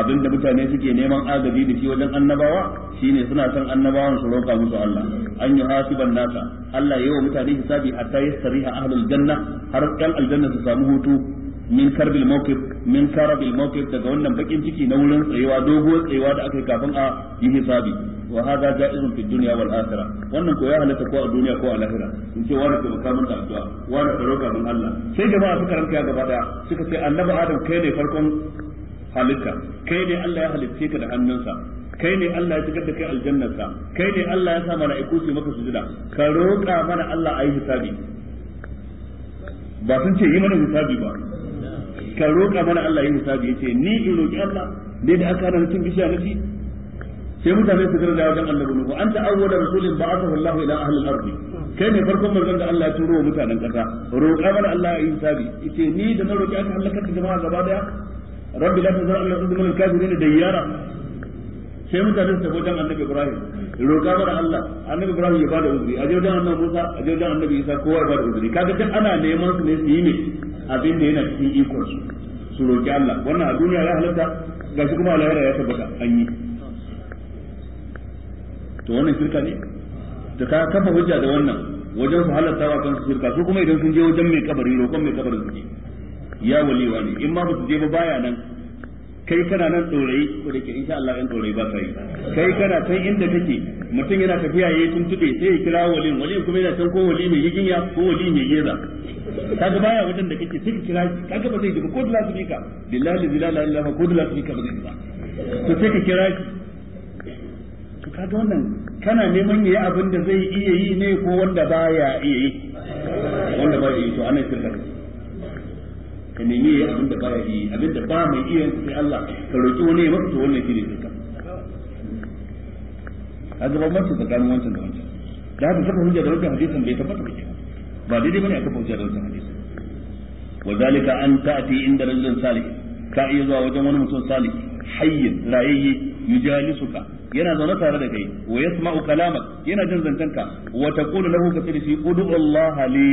abin da mutane suke neman agaji da shi wajen annabawa shine suna son annabawan su roƙa musu Allah an yi hasiban nasa Allah yayi wa mutane hisabi hatta yastariha ahlul janna har ɗan aljanna su samu hutu min karbil mawqif min karabil mawqif daga wannan bakin ciki na wurin tsayuwa dogo tsayuwa da aka yi kafin a yi hisabi wa hadha jaizun fi dunya wal akhirah wannan ko ya halatta ko a duniya ko a lahira in ce wani ke makamin da addu'a wani ka roƙa min Allah sai jama'a suka ranka ya gaba daya suka ce annabi adam kai ne farkon halitta kai ne Allah ya halicce ka da hannunsa kai ne Allah ya shigar da kai aljannarsa kai ne Allah ya sa mala'iku su maka sujuda ka roƙa mana Allah a yi hisabi ba sun ce yi mana hisabi ba ka roƙa mana Allah ya hisabi ce ni in roƙi Allah ne da aka hana cin bishiya na sai mutane su gara da wajen annabi nuhu an ta'awwala rasulin ba'athahu Allah ila ahli al-ard kai ne farkon manzon da Allah ya turo wa mutanen kasa roƙa mana Allah ya hisabi ce ni da na roƙi aka halaka ta jama'a gaba daya rabbi la tazar ala al-ard min al-kafirin dayyara sai mutane su tafi wajen annabi Ibrahim roƙa mana Allah annabi Ibrahim ya bada uzuri a je annabi Musa a je annabi Isa kowa ya bada uzuri kaga duk ana neman su ne su yi ne abin da yana cikin ikon su su roƙi Allah wannan a duniya ya halatta shi kuma alayyar ya tabbata an yi to wannan shirka ne da ka kafa hujja da wannan wajen su halatta wa kansu shirka su kuma idan sun je wajen mai kabari roƙon mai kabarin su ya walewa ne in ma ba su je ba baya nan kai kana nan dorai ko da ke insha Allah in dorai ba kai kai kana san inda kake mutum yana tafiya yayi tuntube sai ya kira wali wali kuma yana san ko wali mai yiginya ko wali mai yeza kaga baya wajen da kake sai kira kaga ba zai ji ko dala lafika billahi la ilaha illa ko dala lafika ba zai ji ba to sai ka kira to kaga wannan kana neman yayi abin da zai iya yi ne ko wanda baya iya yi wanda baya yi to anan shirka ka nemi yayi abin da baya yi abin da ba mai iya sai Allah ka roki wani ya maka to wannan shine A kaga ba da tsakanin wancan da wancan da haka saka hujja da wancan hadisin bai tabbata ba ba daidai bane aka hujja da wancan hadisin wa zalika an ta'ti inda rajulin salih ka iya zuwa wajen wani mutum salih hayyin rayayye yujalisuka yana zaune tare da kai wa yasma'u kalamak yana jin zantanka wa taqulu lahu ka sai shi ud'u Allah li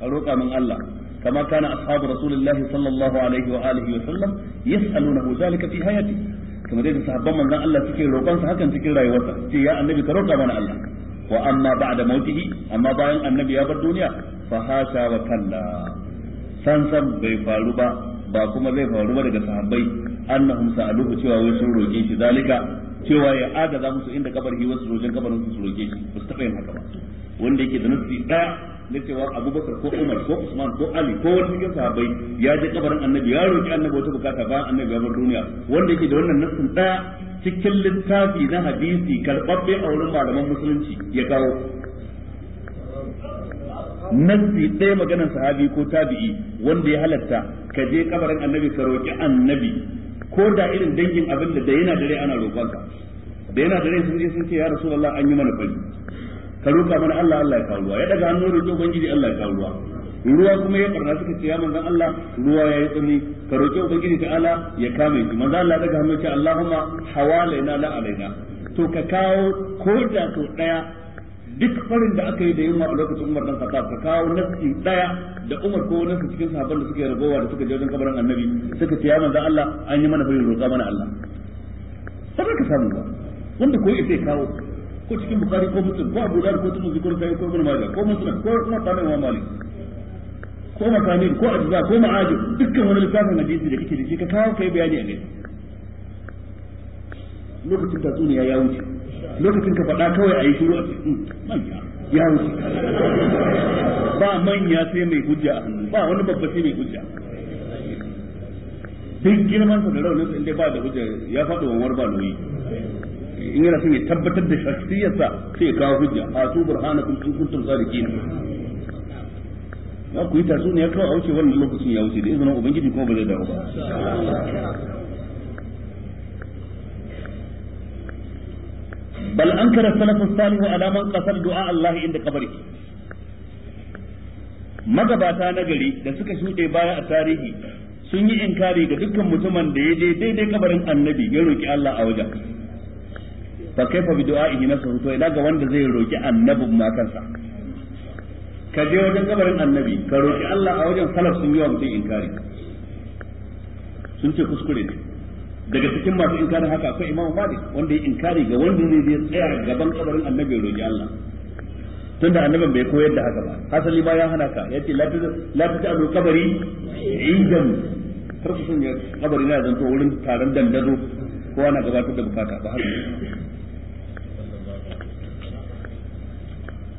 a roƙa min Allah كما كان أصحاب رسول الله صلى الله عليه وآله وسلم يسألونه ذلك في حياته كما ديت صحابة من ذا الله تكي روكان سحكا تكي رأي وسا يا النبي كروكا من الله وأما بعد موته أما بعد النبي يابر الدنيا فهاشا وكلا سنسم بيفالوبا ba kuma zai faru ba daga sahabbai annahum sa'aluhu cewa wai sun roke shi zalika cewa ya agaza musu inda kabarhi wasu rojen kabarin su roke shi ba su taɓa yin haka ba wanda yake da nasi ɗaya na cewa abubakar ko umar ko usman ko ali ko wani cikin sahabbai ya je kabarin annabi ya roki annabi wata bukata ba annabi ya bar duniya wanda yake da wannan nassin daya cikin littafi na hadisi karɓaɓɓe a wurin malaman musulunci ya kawo nassi ɗaya maganar sahabi ko tabi'i wanda ya halatta ka je kabarin annabi ka roki annabi ko da irin dangin abin da da yana dare ana roƙonsa da yana dare sun je sun ce ya rasulullah an yi mana fari ka roƙa mana Allah Allah ya kawo ruwa ya daga hannu roƙo ubangiji Allah ya kawo ruwa ruwa kuma ya barna suka ce ya manzon Allah ruwa ya yi tsumi ka roƙi ubangiji ta Allah ya kame shi manzon Allah daga hannu ce Allahumma hawalaina la alaina to ka kawo ko da to daya duk farin da aka yi da yunwa a lokacin Umar dan Khattab ka kawo nafsi daya da Umar ko wani cikin sahabban da suke ragowa da suka je wajen kabarin Annabi suka ce ya manzon Allah an yi mana farin roƙa mana Allah ba ka samu ba wanda ko sai kawo ko cikin bukari ko mutum ko abu ko tun zikur sai ko ibn majah ko muslim ko kuma tanin wa malik ko makamin ko azza ko ma'ajib dukkan wani lissafin hadisi da kike da shi ka kawo kai bayani a gaisu lokacin tatsuniya ya wuce lokacin ka faɗa kawai a yi shiru a cikin manya ya wuce ba manya sai mai hujja ba wani babba sai mai hujja duk girman sa da raunin sa inda ba da hujja ya faɗo wa warba loyi in yana son ya tabbatar da shakhsiyarsa sai ya kawo hujja atu burhanakum in kuntum sadiqin ya ku yi tasu ne ya kawo a wuce wannan lokacin ya wuce da izinin ubangiji kuma ba zai dawo ba bal ankara salafus salihu ala man qasal du'a Allah inda qabri magabata na gari da suka shuɗe baya a tarihi sun yi inkari ga dukkan mutumin da ya je daidai kabarin annabi ya roki Allah a wajen fa kaifa bi du'a'ihi nafsuhu to idan ga wanda zai roki annabin ma kansa ka je wajen kabarin annabi ka roki Allah a wajen salaf sun yi wa mutum inkari sun ce kuskure ne daga cikin masu inkarin haka akwai imam malik wanda ya inkari ga wanda ne zai tsaya gaban kabarin annabi roki Allah tunda annabi bai koyar da haka ba hasali ba ya hana ka yace la ta a kabari indan kar ku sun ya kabari na zanto wurin taron dandazo ko na gabatar da bukata ba haka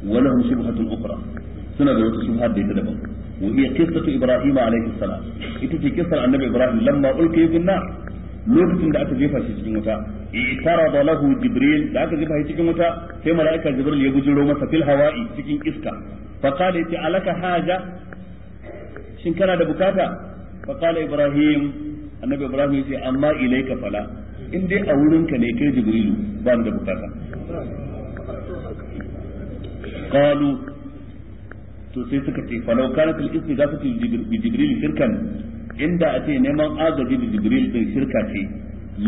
wa lahum shubhatun ukhra suna da wata shubha da ita daban wa hiya ibrahim alayhi salam ita ce kissar annabi ibrahim lamma ulqiya bin lokacin da aka jefa shi cikin wuta itarada lahu jibril da aka jefa shi cikin wuta sai malaika jibril ya bujiro masa fil hawa'i cikin iska fa ita alaka haja shin kana da bukata fa qala ibrahim annabi ibrahim ya ce amma ilaika fala in a wurin ka ne kai jibrilu ba da bukata qalu to sai suka ce falau kanat al istighasatu bi jibril shirkan inda a ce neman agaji da jibril din shirka ce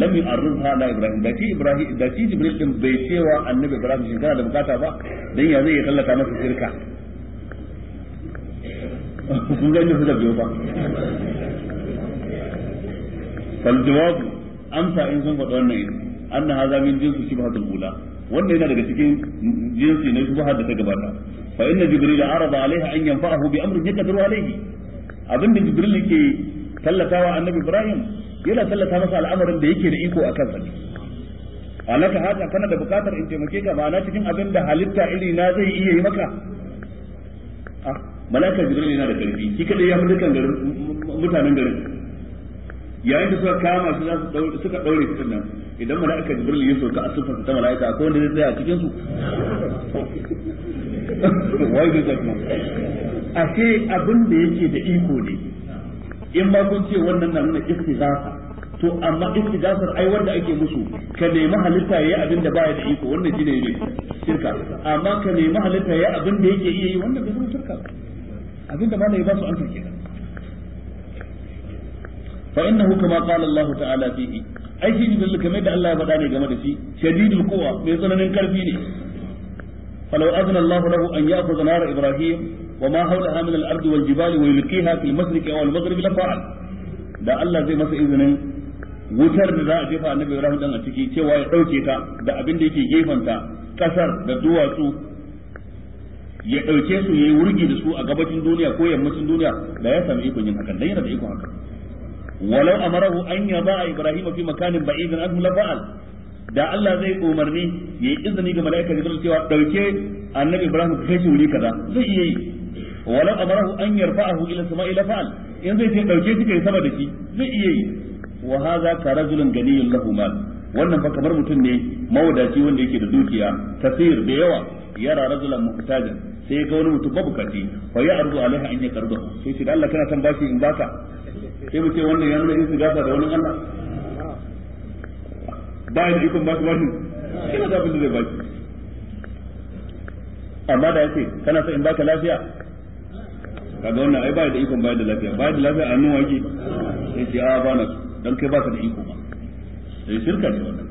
lam yu'arrizha la ibrahim da shi ibrahim da shi jibril din bai cewa annabi ibrahim shin da bukata ba dan ya zai tallata masa shirka [laughs] kun ga su da biyo ba fal jawab amsa in sun faɗa wannan anna hadha min jinsi shibhatul wanda yana daga cikin jinsi na shubha da ta gabata fa inna jibril arada alaiha an yanfa'ahu bi amrin yaqdiru alaihi abinda jibril yake tallatawa annabi ibrahim yana tallata masa al'amarin da yake da iko a kansa alaka haka kana da bukatar in taimake ka ma'ana cikin abin da halitta iri na zai iya yi maka ah, malaka jibril yana da karfi shi kada ya fi dukkan garin mutanen garin yayin da suka kama su za su daure suka daure su nan idan mala'ika jibril ya sauka a sufar ta mala'ika akwai wanda zai tsaya a cikin su [laughs] wai da zakma a ce abin da yake da iko ne in ba kun ce wannan na nuna istighasa to amma istighasar ai wanda ake musu ka nemi halitta yayi abin da baya da iko wannan shine ne shirka amma ka nemi halitta yayi abin da yake iya yi wannan da zama shirka abin da yi ba su an kenan fa innahu kama qala Allah ta'ala fihi ai shi jibril kamar da Allah ya faɗa ne game da shi shadidul quwa mai tsananin karfi ne falau azna Allah lahu an ya'khudha nar ibrahim wa ma hawlaha min al-ard wal jibal wa yulqiha fil mashriqi wal maghrib la da Allah zai masa izinin wutar da za a jefa annabi Ibrahim dan a ciki cewa ya dauke da abin da yake gefanta kasar da duwatsu ya ɗauke su ya yi wurgi da su a gabacin duniya ko yammacin duniya da ya sami ikon yin hakan dan yana da ikon hakan walau amarahu an yaba ibrahim fi makanin ba'idin azm la fa'al da Allah zai umarni ya yi izini ga mala'ika jibril cewa dauke annabi ibrahim ka kai shi wuri kaza zai iya yi walau amarahu an yarfa'ahu ila sama'i la fa'al in zai ce dauke shi kai sama da shi zai iya yi wa hadha ka rajulun ganiyun lahu mal wannan fa kamar mutum ne mawadaci wanda yake da dukiya tasir da yawa yara rajulan muhtajan sai ga wani mutum babu kati fa ya arzu alaiha an yakardu sai shi da Allah kana son bashi in baka sai mu ce wannan ya nuna yin gasa da wani Allah ba ya ikon ba su ba su kina da abin da zai baki amma da yake kana sa in baka lafiya kaga wannan ai ba da ikon bayar da lafiya bayar da lafiya a nuna yake sai ce a ba na dan kai ba ka da iko ba sai shirka ne wannan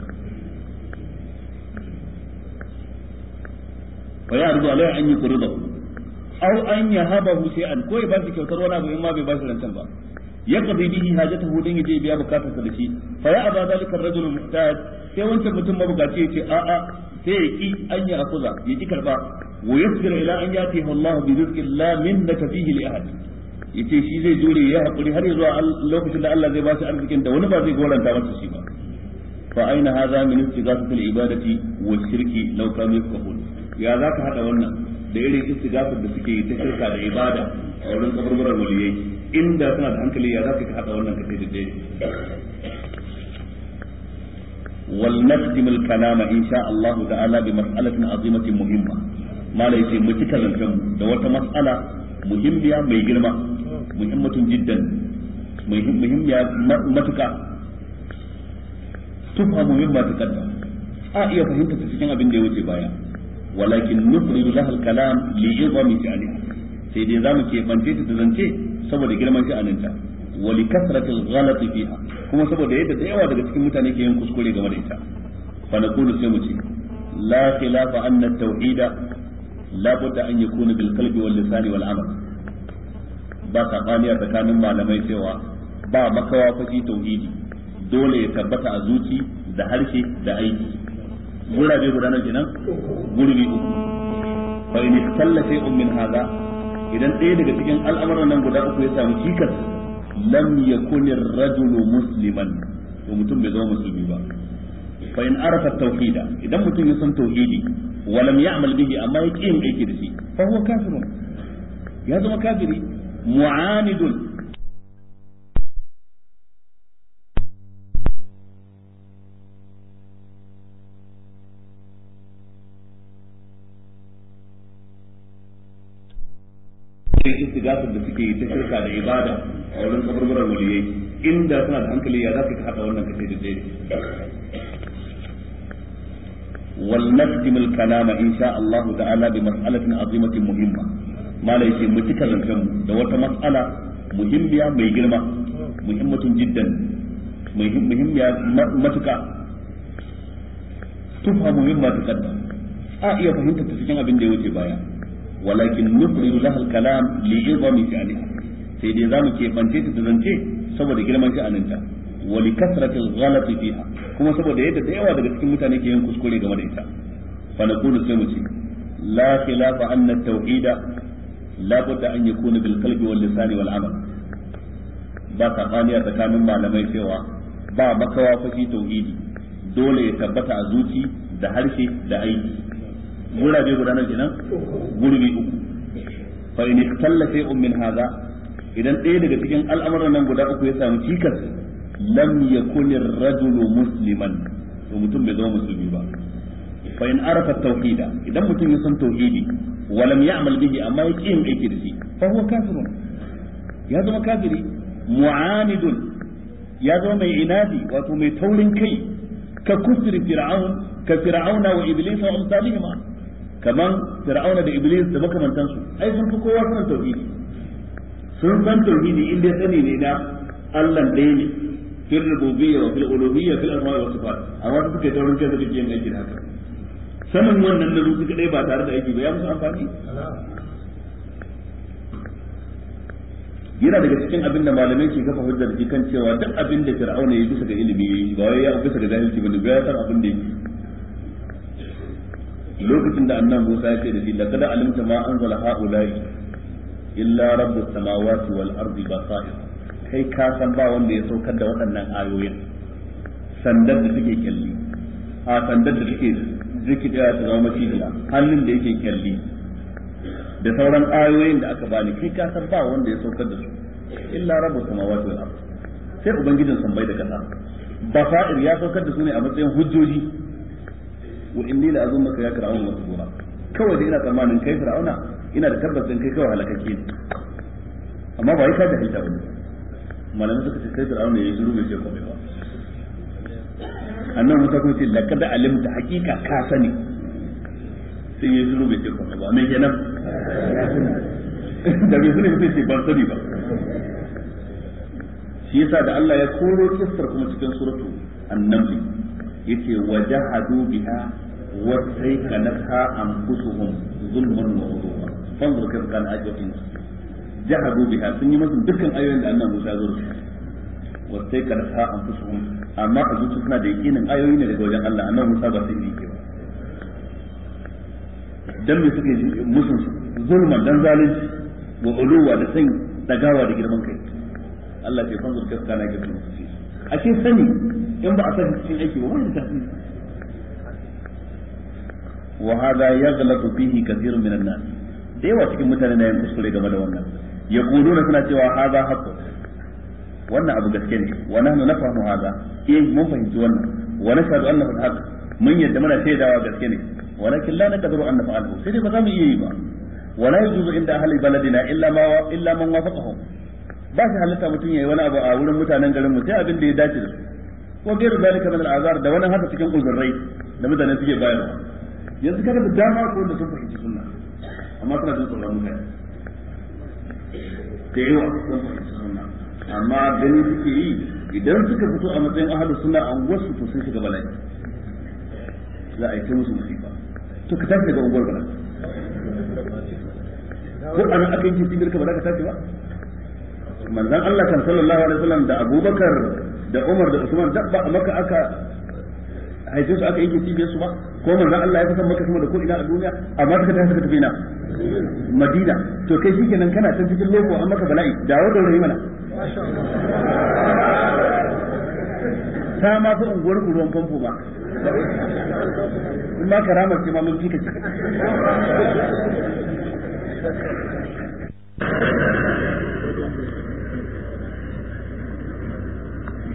fa ya arzu alai an yi kuridahu aw an yahabahu shay'an ko ya ba shi kyautar wani abu in ma bai ba shi rantan ba yaqdi bihi hajatahu dan yaje biya bukatar sa dashi fa ya aba zalika ar-rajul muhtaj sai wancan mutum mabukaci yace a a sai ya ki an ya akuza ya ki karba wa yasbir ila an yatihi Allah bi rizqin la minnaka fihi li ahad yace shi zai jure ya hakuri har yanzu zuwa lokacin da Allah zai ba shi arzikin da wani ba zai goranta masa shi ba fa aina hadha min istighasatil ibadati wa shirki law kanu yafqahun ya zaka hada wannan da irin istighasar da suke yi ta shirka da ibada a wurin kaburburan waliyai inda suna da hankali ya za ka haɗa wannan kafin da dai ولنختم الكلام إن شاء الله تعالى بمسألة عظيمة مهمة ما ليس متكلا كم دوت مسألة مهمة ميجرمة مهمة جدا مهمة متكا تفهم مهمة تقدم a iya fahimta ta cikin abin da ya wuce baya walakin nufridu lahal kalam li yadhami sha'ani sai dai zamu ke bance ta zance saboda girman sha'aninta wa li kasratil ghalati fiha kuma saboda yadda da yawa daga cikin mutane ke yin kuskure game da ita fa kullu sai mu ce la khilafa anna at-tauhid la budda an yakuna bil qalbi wal lisani wal amal ba sabani a tsakanin malamai cewa ba makawa fashi tauhidi dole ya tabbata a zuci da harshe da aiki gurabe da nan kenan gurbi uku fa in min hadha idan ɗaya daga cikin al'amuran nan guda uku ya samu cikas lam yakun ar-rajulu musliman to mutum bai zama musulmi ba fa in arafa tauhida idan mutum ya san tauhidi wa lam ya'mal bihi amma ya yin aiki da shi fa huwa kafirun ya zama kafiri mu'anidun wajen istigafar da suke yi ta shirka da ibada a wurin kaburburan waliyai inda suna da hankali ya za ka haɗa wannan kace da dai ولنختم الكلام إن شاء الله تعالى بمسألة عظيمة مهمة ما ليس متكا لنكم دوات مسألة مهمة ميجرمة مهمة جدا مهمة متكا تفهم مهمة تقدم آئية فهمت تسجن أبن ديوتي بايا walakin nufridu laha al-kalam li idami sai dai zamu ke bance ta zance saboda girman sha'aninta wa li kasrati al-ghalat fiha kuma saboda yadda da yawa daga cikin mutane ke yin kuskure game da ita fa naqulu sai mu ce la khilafa anna at-tauhida la budda an yakuna bil qalbi wal lisani wal amal ba sabani a tsakanin malamai cewa ba makawa fashi tauhidi dole ya tabbata a zuci da harshe da aiki gurabe guda na kenan gurbi uku fa in ikhtalla shay'un min hadha idan ɗaya daga cikin al'amuran nan guda uku ya samu cikas lam yakun ar-rajulu musliman to mutum bai zama musulmi ba fa in arafa tauhida idan mutum ya san tauhidi wa lam ya'mal bihi amma ya yin aiki da shi fa huwa kafirun ya zama kafiri mu'anidun ya zama mai inadi wato mai taurin kai ka kufri fir'aun ka fir'auna wa iblis wa amsalihima kaman fir'auna da iblis da makamantan su ai sun fi kowa sun tauhidi sun san tauhidi inda sani ne na Allah dai ne fil rububiyya wa fil uluhiyya fil asma wa sifat amma su suke taurin kai suke yin aiki haka sanin wannan da rubutu kadai ba tare da aiki ba ya musu amfani yana daga cikin abin da malamai ke kafa hujjar jikan cewa duk abin da fir'auna ya bisa ga ilimi ba wai ya bisa ga jahilci ba ne ba ya san abin da yake lokacin da annabi Musa ya ce da shi kada alimta ma anzala haula'i illa rabbu samawati wal ardi basair kai ka san ba wanda ya saukar da waɗannan ayoyin sandar da suke kyalli a sandar da suke da ta zama macizila hannun da yake kyalli da sauran ayoyin da aka bani kai ka san ba wanda ya saukar da su illa rabbu samawati wal ardi sai ubangijin bai da kasa basair ya saukar da su ne a matsayin hujjoji wa inni la maka ya fir'auna masbura kawai da ina tsammanin kai fir'auna ina da tabbacin kai kawai halakake ne amma ba yi ka da hita bane malamai suka ce kai fir'auna yayi zuru bai ce komai ba annan musa kuma ce laqad alimta haqiqa ka sani sai yayi zuru bai ce komai ba me kenan da bai zuru bai ce ban sani ba shi yasa da Allah ya koro kissar kuma cikin suratu annabi yake wajahadu biha وَالسَّيْكَ نَكْهَا أَنْفُسُهُمْ ظُلْمًا وَعُدُوًا فانظر كيف كان أجوتين جحدوا بها سنة مثل دكا أيوة لأن موسى ذو وَالسَّيْكَ نَكْهَا أَنْفُسُهُمْ أما أجوتين سنة ديكين أيوة لقوة الله أنه موسى بسيء ليكي dan me suke musun zulman dan zalunci wa uluwa da san dagawa da girman kai Allah bai fanzu kaskana ga su ashe sani in ba wa hadha yaghlatu bihi kathirun minan nas cikin mutane na yin kuskure game da wannan yaquluna suna cewa hadha haqqun wannan abu gaske ne wa nahnu nafahimu hadha eh mun fahimci wannan wa nashhadu annahu haqq mun yadda muna shaidawa gaske ne walakin la naqdiru an naf'alahu sai dai ba mu iya yi ba wala yajuzu inda ahli baladina illa ma illa man wafaqahum ba shi halitta mutum yayi wani abu a wurin mutanen garin sai abin da ya dace da su wa ghairu zalika min da wani haka cikin uzurrai da mutane suke bayarwa yanzu kada da dama ko da sun fahimci sunna amma suna jin tsoron mutane da yawa sun fahimci sunna amma gani suke yi idan suka fito a matsayin ahalus sunna an wasu to sun shiga bala'i za a yi ta musu musiba to ka tafi daga ungwar bala ko a aka yi kifin ka ba za ka tafi ba manzan Allah kan sallallahu alaihi wasallam da Abubakar da Umar da Usman da ba maka aka haife su aka yanke cibiyar su ba ko manzon Allah ya san maka sama da ko ina a duniya amma ka tafi tafi na Madina to kai shikenan kana can cikin loko an maka bala'i dawo da wuri mana ta ma fi unguwar ku ruwan famfo ba in ma karamar ce ma mun fika ce Thank you.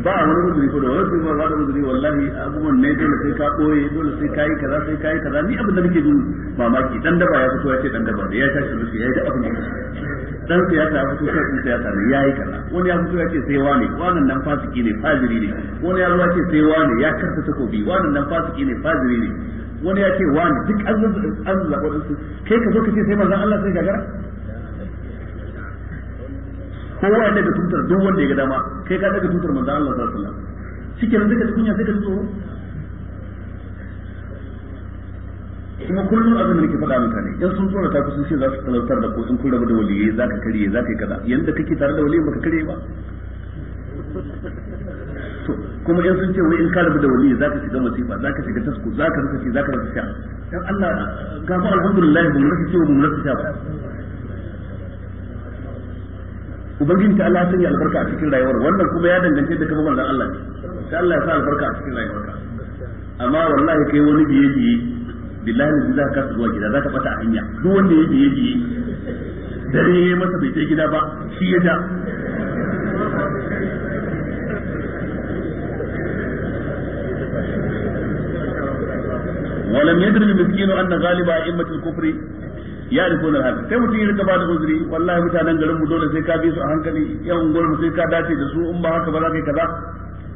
ba a wani uzuri ko da wani uzuri ba da uzuri wallahi abubuwan ne dole sai ka koye dole sai kai kaza sai kai kaza ni abin da nake jin mamaki dan daba ya fito ya ce dan daba ya tashi da ya ga abin da dan sai ya ta fito sai ya ta ne yayi kaza wani ya fito ya ce sai wani wannan nan fasiki ne fajiri ne wani ya zo ya ce sai wani ya karta takobi wannan nan fasiki ne fajiri ne wani ya ce wani duk an zaɓa an zaɓa kai ka zo ka ce sai manzon Allah sai gagara kowa ya daga tutar duk wanda ya ga dama kai ka daga tutar manzon Allah sallallahu alaihi wasallam Cikin duka cikin ya sai ka tsoro kuma kullum abin da nake faɗa mutane in sun tsora ta kusan sai za su talautar da ko in kun rabu da waliyai za ka karye za ka yi kaza yanda kake tare da waliyai baka karye ba to kuma in sun ce wai in ka rabu da waliyai za ka shiga masifa za ka shiga tasku za ka rasa ci za ka rasa sha dan Allah ga fa alhamdulillah mun rasa ci mun rasa sha ubangiji ta Allah sanya albarka a cikin rayuwar wannan kuma ya dangance da kuma manzon Allah sai Allah ya sa albarka a cikin rayuwarka amma wallahi kai wani biye biye billahi ne za ka zuwa gida za ka bata a hanya duk wanda ya biye biye dare ya masa bai ta gida ba shi ya da ولم يدر المسكين أن غالب أئمة الكفر ya rufe na haka sai mutum ya ba da uzuri wallahi mutanen garin mu dole sai ka bi su a hankali yan unguwar mu sai ka dace da su in ba haka ba za ka yi kaza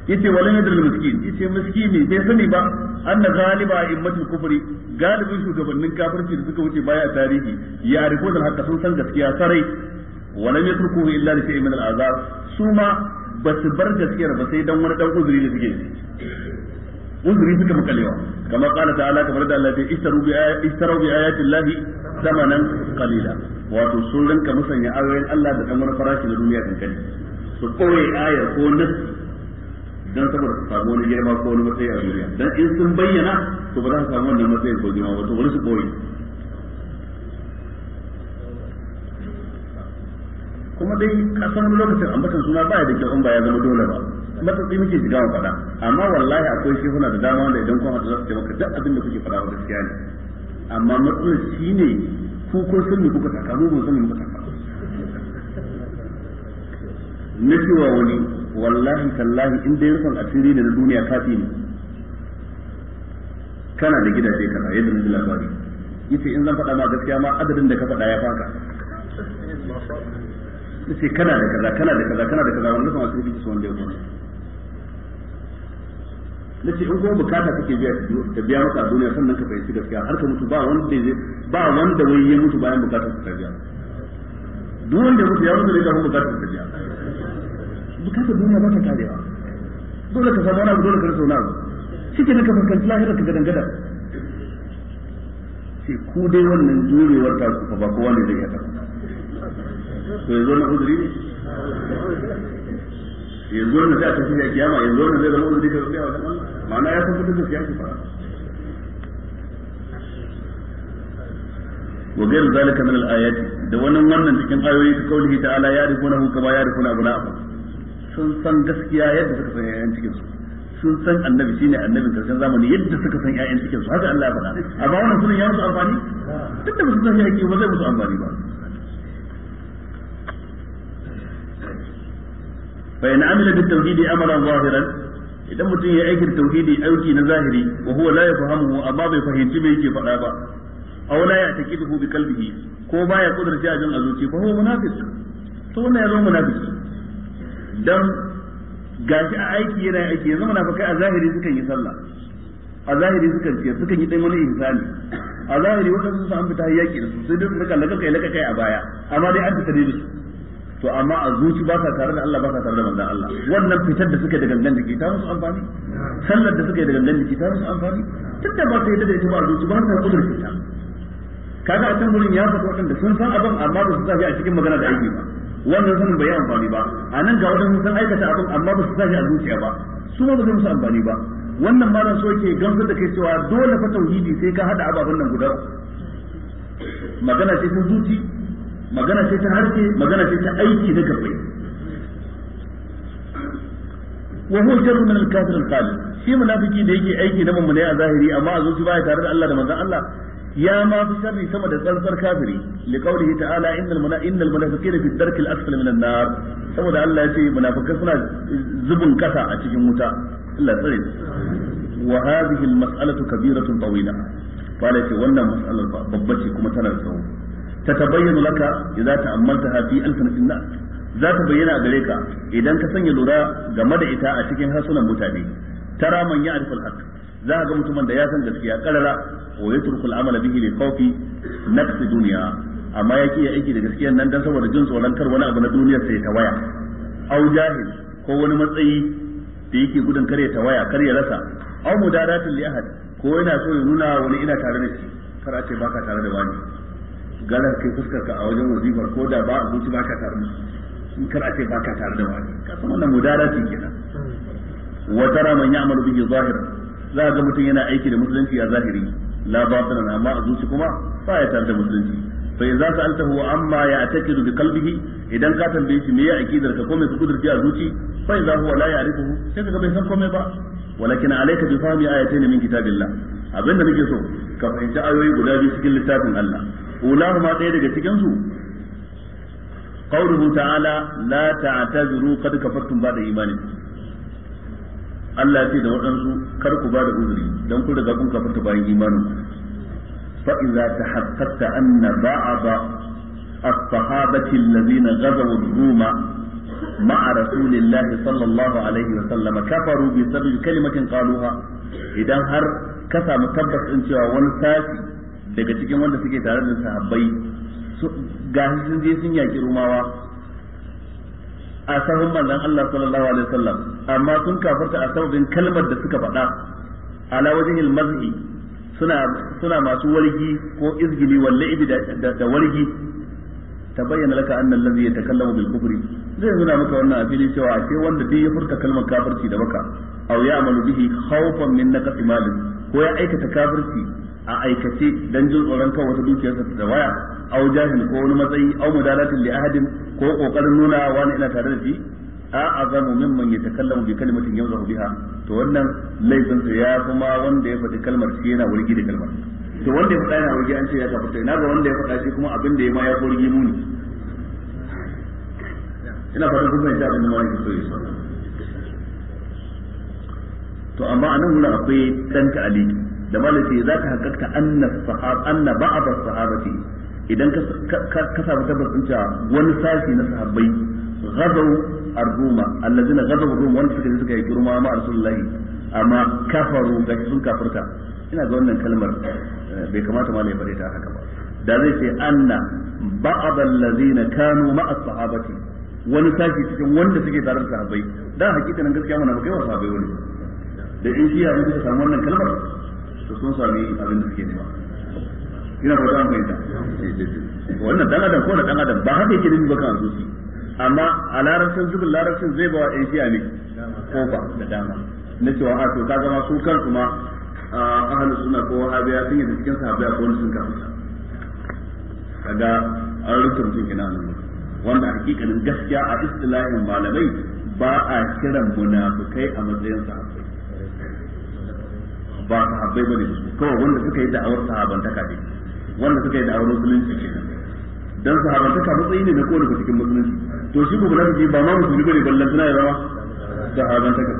yace walin yadda miskin yace miskini bai sani ba anna galiba immatul kufri galibin shugabannin kafirci da suka wuce baya tarihi ya rufe da haka sun san gaskiya sarai walan yatruku illa li shay'in min al'azab su ma ba su bar gaskiyar ba sai dan wani dan uzuri da suke uzuri suka makalewa kama kana ta'ala kamar da Allah ya istaru bi istaru bi ayati llahi thamanan qalila wato sun rinka musanya ayoyin Allah da kamar farashi na duniya kai su koye aya ko nasi dan saboda su samu wani girma ko wani matsayi a duniya dan in sun bayyana to ba za su samu wannan matsayin ko girma wato wani su koye kuma dai kasan lokacin ambatan suna baya da kyau in ba ya zama dole ba matsatsi muke shiga mu faɗa amma wallahi akwai shi da dama da idan kun haɗu za su ce maka duk abin da kuke faɗa wa gaskiya ne amma matsalar shi ne ku kun san me kuka taka mu ban san me muka taka na cewa wani wallahi tallahi in dai rufin asiri ne na duniya kafi ne kana da gidaje kaza yadda na ji labari yace in zan faɗa ma gaskiya ma adadin da ka faɗa ya faka sai kana da kaza kana da kaza kana da kaza wannan kuma su kike su wanda ya ce in kuma bukata kake biya ta biya maka a duniya sannan ka fahimci gaskiya har ka mutu ba wanda ba wanda wai ya mutu bayan bukatar ka biya duk wanda mutu ya mutu ne kafin bukatar ka biya bukatar duniya ba ta karewa dole ka samu wani dole ka rasa wani abu shi ke ka fuskanci lahirar ka gadan gadan sai ku dai wannan jurewar ta ku ba kowa ne zai iya ta to yanzu na uzuri ne yanzu wannan za a tafi da kiyama yanzu wannan zai zama uzuri da rufiya wajen Allah ma'ana ya san fitar da siyasa fara wa ghayr zalika min al-ayat da wannan wannan cikin ayoyi ta kaulihi ta'ala ya rifuna hu kama ya rifuna abuna sun san gaskiya yadda suka san yayan cikin su sun san annabi shine annabin karshen zamani yadda suka san ƴaƴan cikin su haka Allah ya faɗa amma wannan sunan ya musu amfani duk da ba su yake ba zai musu amfani ba fa in amila bit tauhidi amalan zahiran idan mutum ya aikin tauhidi aiki na zahiri wa huwa la yafhamuhu amma bai fahimci me yake faɗa ba aw la ya'taqiduhu bi qalbihi ko baya kudurci a jin azuci fa huwa munafiq to wannan ya zama munafiki dan gashi a aiki yana aiki yanzu munafikai a zahiri sukan yi sallah a zahiri sukan ce sukan yi dan wani ihsani a zahiri wadansu sun an fita yaki da su sai dai su rika laka kai laka kai a baya amma dai an fita ne su to amma a zuci ba sa tare da Allah ba sa tare da manzon Allah wannan fitar da suka da gangan jiki ta musu amfani sallar da suka yi da gangan jiki ta musu amfani tunda ba su yi da ita ba a zuci ba sa kudur fita. kaga a can gurin ya faɗi waɗanda sun san abin amma ba su sa a cikin magana da aiki ba wannan sanin bai yi amfani ba a nan ga waɗanda sun aikata abin amma ba su sa a zuciya ba su ma ba zai musu amfani ba wannan malam so yake gamsar da kai cewa dole fa tauhidi sai ka hada ababen nan guda magana ce ta zuci magana ce ta harshe magana ce ta aiki na gabbai wa huwa sharrun min al-kafir al shi munafiki da yake aiki na mummune a zahiri amma a zuci baya tare da Allah da manzon Allah ya ma fi sharri sama da tsantsar kafiri li qawlihi ta'ala innal innal munafiqina fi ad-dark al-asfali min an-nar saboda Allah ya ce munafikai suna zubin kasa a cikin wuta Allah tsare wa hadhihi al-mas'alatu kabiratun tawila fala ce wannan mas'alar babba ce kuma tana da tsawo tatabayyanu laka idza ta'ammaltaha fi alsanatin nas za ta bayyana gare ka idan ka sanya lura game da ita a cikin harsunan mutane tara man ya arfal za ka ga mutumin da ya san gaskiya karara wa yatruku al'amala bihi li khawfi nafs dunya amma ya aiki da gaskiyar nan dan saboda jin tsoron kar wani abu na duniyar sai ta waya au jahil ko wani matsayi da yake gudun kare ta waya kar ya rasa au mudaratin li ahad ko yana so ya nuna wani ina tare da shi kar a ce baka tare da wani garar kai fuskar ka a wajen wazifar ko da ba abinci ba ka tare shi kar a ce ba ka tare da wani kasan wannan mudara ce kenan wata ramar ya ya'malu bihi zahir za ga mutum yana aiki da musulunci a zahiri la batinan amma a zuci kuma ba ya tare da musulunci fa idza sa'altahu amma take da kalbihi idan ka tambaye shi me ya akidar ka ko me ka kudurci a zuci fa idza huwa la ya'rifuhu sai kaga bai san komai ba walakin alayka bi fahmi ayatayn min kitabillah abinda nake so ka fahimci ayoyi guda biyu cikin littafin Allah ulahuma ɗaya daga cikin su qawluhu ta'ala la ta'tazuru qad kafartum ba'da imanikum Allah ya ce da waɗansu kar ku ba da uzuri dan ku riga kun kafarta bayan imanin fa idza tahaqqaqta anna ba'da الصحابة الذين مع رسول الله صلى الله عليه وسلم كفروا بسبب كلمة قالوها إذا هر متبس إن شاء wani daga cikin wanda suke tare da sahabbai ga sun je sun yaki rumawa a sahun manzan Allah sallallahu alaihi wasallam amma sun kafarta a sababin kalmar da suka faɗa ala wajen ilmazi suna suna masu wargi ko izgili wallahi da da wargi tabayyana laka anna allazi yatakallamu bil kufri zai nuna maka wannan a fili cewa sai wanda bai ya furta kalmar kafirci da baka aw ya'malu bihi khawfan min naqsi malin ko ya aikata kafirci a aikace dan jin tsoron kan wata dukiyarsa ta waya au jahil ko wani matsayi au mudalatin li ahadin ko kokarin nuna wani ina tare da shi a azamu mimman yatakallamu bi kalimatin yawzahu biha to wannan laifin sa ya kuma wanda ya faɗi kalmar shi yana wurgi da kalmar to wanda ya faɗa yana wurgi an ce ya tabbata ina ga wanda ya faɗa shi kuma abin da ya ma ya wurgi muni ina fatan kun fahimta abin da wani yake so to amma anan wurin akwai dan ta'aliki da malaki za ka haƙaƙta anna ba'ad sahabati idan ka samu tabbas din cewa wani sashi na sahabbai gazaw ar-ruma allazina gazaw ar-rum wanda suka je suka yi girma ma rasulullahi amma kafaru ga sun kafarta ina ga wannan kalmar eh, bai kamata ma ya bare ta haka ba da zai ce anna ba'ad allazina kanu ma'a sahabati wani sashi cikin wanda suke tare da sahabbai dan hakikanin gaskiya mun ba kai wa sahabbai wani da in shi ya mutu samu wannan kalmar to sun sami abin da suke nema ina fata an fahimta wannan dan adam ko na dan adam ba haka yake nemi ba kan zuci amma a larabcin zubin larabcin zai ba wa ɗan a ne ko ba da dama na cewa a to ka zama su kansu ma ahalus suna ko wahabiya sun yi da cikin sahabbai ko wani sun kafa kaga an rubuta mutum kina nan wanda hakikanin gaskiya a istilahin malamai ba a kiran munafukai a matsayin sa ba sahabbai bane musu kawai wanda suka yi da'awar sahabantaka ne wanda suka yi da'awar musulunci kenan dan sahabantaka matsayi ne na kowane ku cikin musulunci to shi ku kula ba ma musulmi bane ballan suna yi rawa sahabantaka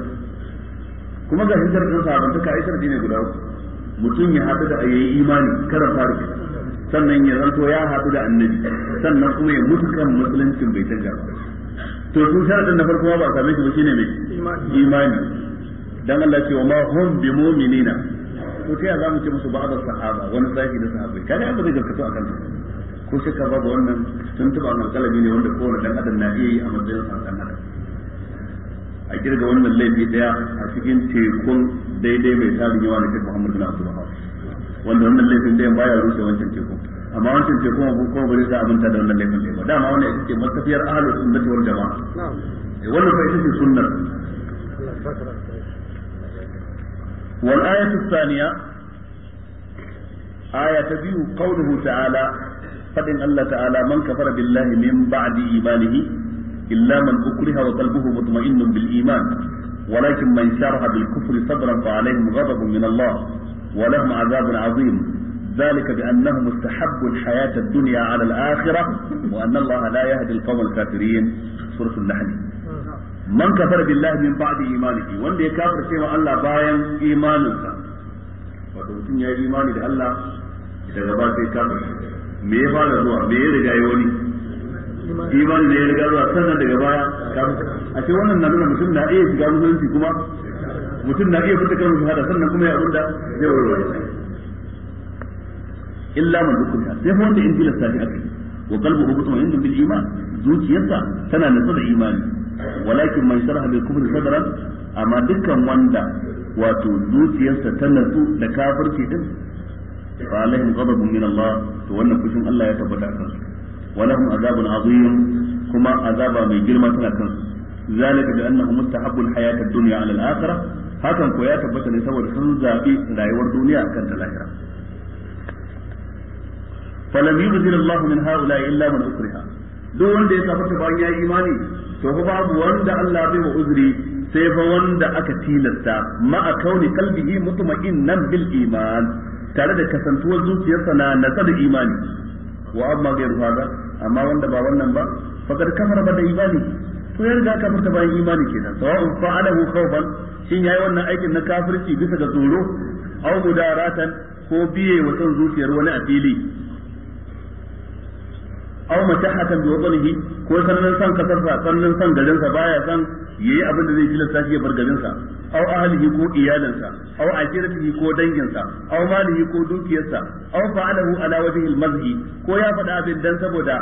kuma ga hijjar ɗin sahabantaka ai sharadi ne guda uku mutum ya haɗu da ayyai imani karan farko sannan ya zanto ya haɗu da annabi sannan kuma ya mutu kan musuluncin bai canja ba to sun sharadin na farko ba a same shi ba shine mai imani dan Allah ce wa ma hum bi mu'minina ko ta za mu ce musu ba'da sahaba wani zaki da sahabbai kaga an ba zai garkato akan ta ko ba babu wannan tun tuba wannan kalami ne wanda kowane dan adam na iya yi a madadin sa dan adam a kirga wannan laifi daya a cikin tekun daidai mai tarin yawa na kai Muhammad bin Abdul wanda wannan laifin daya baya rushe wancan tekun amma wancan tekun abun kuma bare sa abinta da wannan laifin da ba dama wannan ita ce matafiyar ahlus sunnati wal jama'a eh, wannan fa ita ce sunnar والآية الثانية آية تبيو قوله تعالى فإن الله تعالى من كفر بالله من بعد إيمانه إلا من أكره وقلبه مطمئن بالإيمان ولكن من شرح بالكفر صدرا فعليهم غضب من الله ولهم عذاب عظيم ذلك بأنهم استحبوا الحياة الدنيا على الآخرة وأن الله لا يهدي القوم الكافرين سورة النحل man kafar billahi min ba'di imanihi wanda ya sai wa Allah bayan imaninsa wato mutum ya yi imani da Allah daga ba sai kafir me ya fara zuwa me ya riga ya wani imani ne ya riga zuwa sannan daga baya kafir a ce wannan na nuna mutum na iya shiga musulunci kuma mutum na iya fita kan shahada sannan kuma ya abunda zai warware illa man hukunta sai wanda in tilasta shi akai wa hubutun mutma'innun bil iman zuciyarsa tana nutsa da imani walakin man sharaha bil kufri sadran amma dukkan wanda wato zuciyarsa ta natsu da kafirci din fa alaihim ghadabun min Allah to wannan fushin Allah ya tabbata kan su walahum azabun azim kuma azaba mai girma tana kan su zalika bi annahu mustahabbul hayatad dunya ala al-akhirah hakan ko ya tabbata ne saboda sun zabi rayuwar duniya akan ta lahira falam yubdil Allah min haula illa man ukriha duk wanda ya kafarta bayan ya imani to fa babu wanda Allah bai uzuri sai fa wanda aka tilasta ma a kauni qalbihi mutma'innan bil iman tare da kasantuwar zuciyarsa na nasar imani wa amma ghayru hada amma wanda ba wannan ba fakar kafara ba da imani to ya riga kafirta bayan imani kenan sawa'un fa'alahu khawfan shin yayi wannan aikin na kafirci bisa ga tsoro aw mudaratan ko biye wa son zuciyar wani a fili aw matahatan bi wadhihi ko sannan son kasarsa sannan son sa baya son yayi abin da zai tilasta shi ya bar garinsa aw ahlihi ko iyalinsa aw ajiratihi ko dangin sa aw malihi ko dukiyarsa aw fa'alahu ala wajhi al-mazhi ko ya faɗa abin dan saboda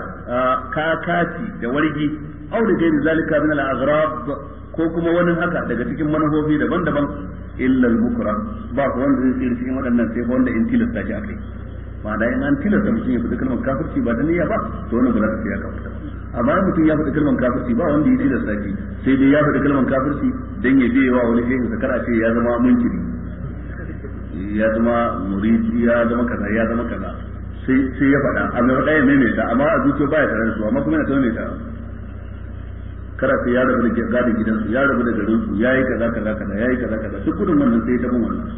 kakati da wargi aw da gairi zalika min al-aghrab ko kuma wani haka daga cikin manufofi daban-daban illa al-mukra ba wanda zai tsira cikin waɗannan sai wanda in tilasta shi akai ma'ana in an tilasta mutum ya faɗi kalmar kafirci ba da niyya ba to wannan ba za ta ya kafirta amma in mutum ya faɗi kalmar kafirci ba wanda ya tilasta shi sai dai ya faɗi kalmar kafirci dan ya biye wa wani shehin sakara ce ya zama munkiri ya zama muridi ya zama kaza ya zama kaza sai sai ya faɗa a mai faɗa mai ta amma a zuciya baya tare da su amma kuma yana ta su kara sai ya rabu da gadin gidansu ya rabu da garinsu ya yi kaza kaza kaza ya yi kaza kaza duk gudun wannan sai ya taɓa wannan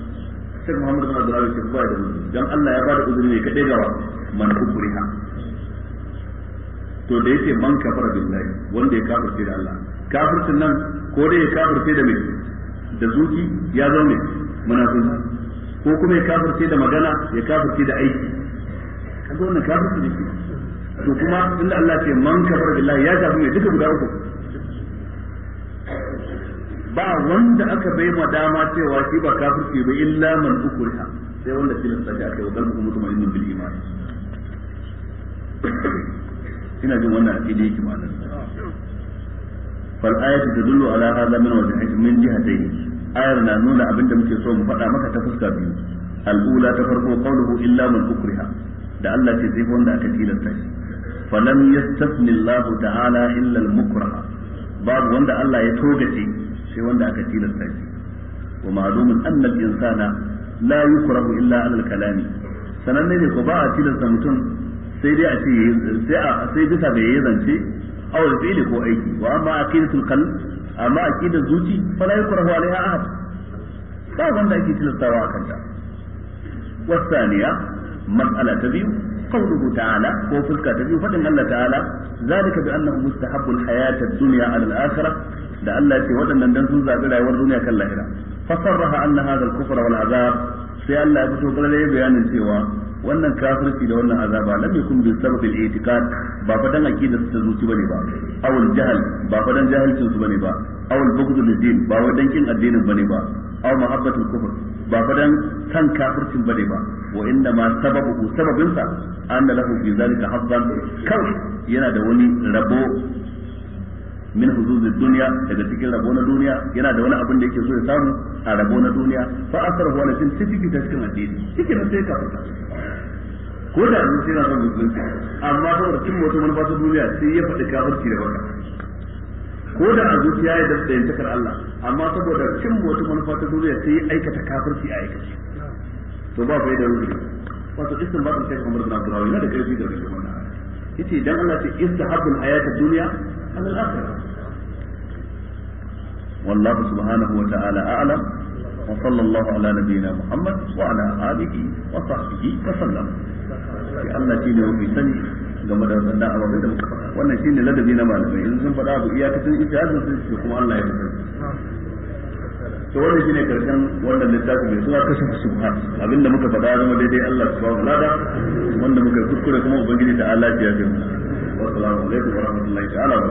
sai Muhammadu bin Abdullah ke zuwa da uzuri dan Allah ya da uzuri ne kadai ga man kufriha to da yake man kafara billahi wanda ya kafirce da Allah kafircin nan ko dai ya kafirce da mai da zuci ya zo ne munafiki ko kuma ya kafirce da magana ya kafirce da aiki kaga wannan kafirci ne to kuma inda Allah ce man kafara billahi ya kafirce duka guda uku ba wanda aka bai ma dama cewa shi ba kafirci ba illa man ukriha sai wanda tilasta shi aka yi wa kalbu mutmainnin bil iman ina jin wannan akidi yake ma'anar fal ayatu tadullu ala hadha min wajhayn min jihatayn ayar na nuna abinda muke so mu faɗa maka ta fuska biyu al al'ula ta farko qawluhu illa man ukriha da Allah ce sai wanda aka tilasta shi falam yastasni Allah ta'ala illa al-mukraha babu wanda Allah ya togace sai wanda aka tilasta shi wa ma'lumun anna al-insana la yukrahu illa ala al-kalami sananne ne ko ba a tilasta mutum sai dai a ce sai a sai bisa ga yayi zance aw al-fi'li ko aiki wa amma aqidatul qalb amma aqidatul zuci fa la yukrahu alaiha ahad ba wanda ake tilastawa a kanta wasaniya mas'ala ta biyu qawluhu ta'ala ko fuska ta biyu fadin Allah ta'ala zalika bi annahu mustahabbul hayatad dunya ala al da Allah ya ce waɗannan dan sun zabi rayuwar duniya kan lahira fasarraha anna hadha al-kufra wal azab sai Allah ya fito ya bayanin cewa wannan kafirci da wannan azaba lam yakun bi sabab al-i'tiqad ba fa dan aqida ta zuci bane ba aw al ba fa dan jahilcin su ba ba ba ba ba wa inda ma sababu sababin sa an da lahu fi zalika hazzan kawai yana da wani rabo min huzuzid dunya daga cikin rabo na duniya yana da wani abin da yake so ya samu a rabo na duniya fa asar wala tin tiki ta cikin addini cikin sai ka fita ko da mun sai na son musulunci amma saboda cin wata manufa ta duniya sai ya faɗi kafirci da baka ko da a zuciya ya da yantakar Allah amma saboda cin wata manufa ta duniya sai ya aikata kafirci a aikace to ba faida rubuta wato istin ba tun shekhu umar bin abdullahi yana da karfi da rubuta wannan yace dan Allah ce istahabbul hayatad dunya ala al-akhirah والله سبحانه وتعالى أعلم وصلى الله على نبينا محمد وعلى آله وصحبه وسلم في الله شيء وفي سني game da wadannan ababai da muka faɗa wannan ladabi na malamai in sun faɗa abu iyakacin ijazin sun ce kuma Allah ya mutunta to wannan shine karshen wannan littafi mai suna kashe subha abinda muka faɗa zama daidai Allah subhanahu wa ta'ala wanda muka kuskure kuma ubangiji ta Allah ya bi wa assalamu alaikum wa rahmatullahi ta'ala wa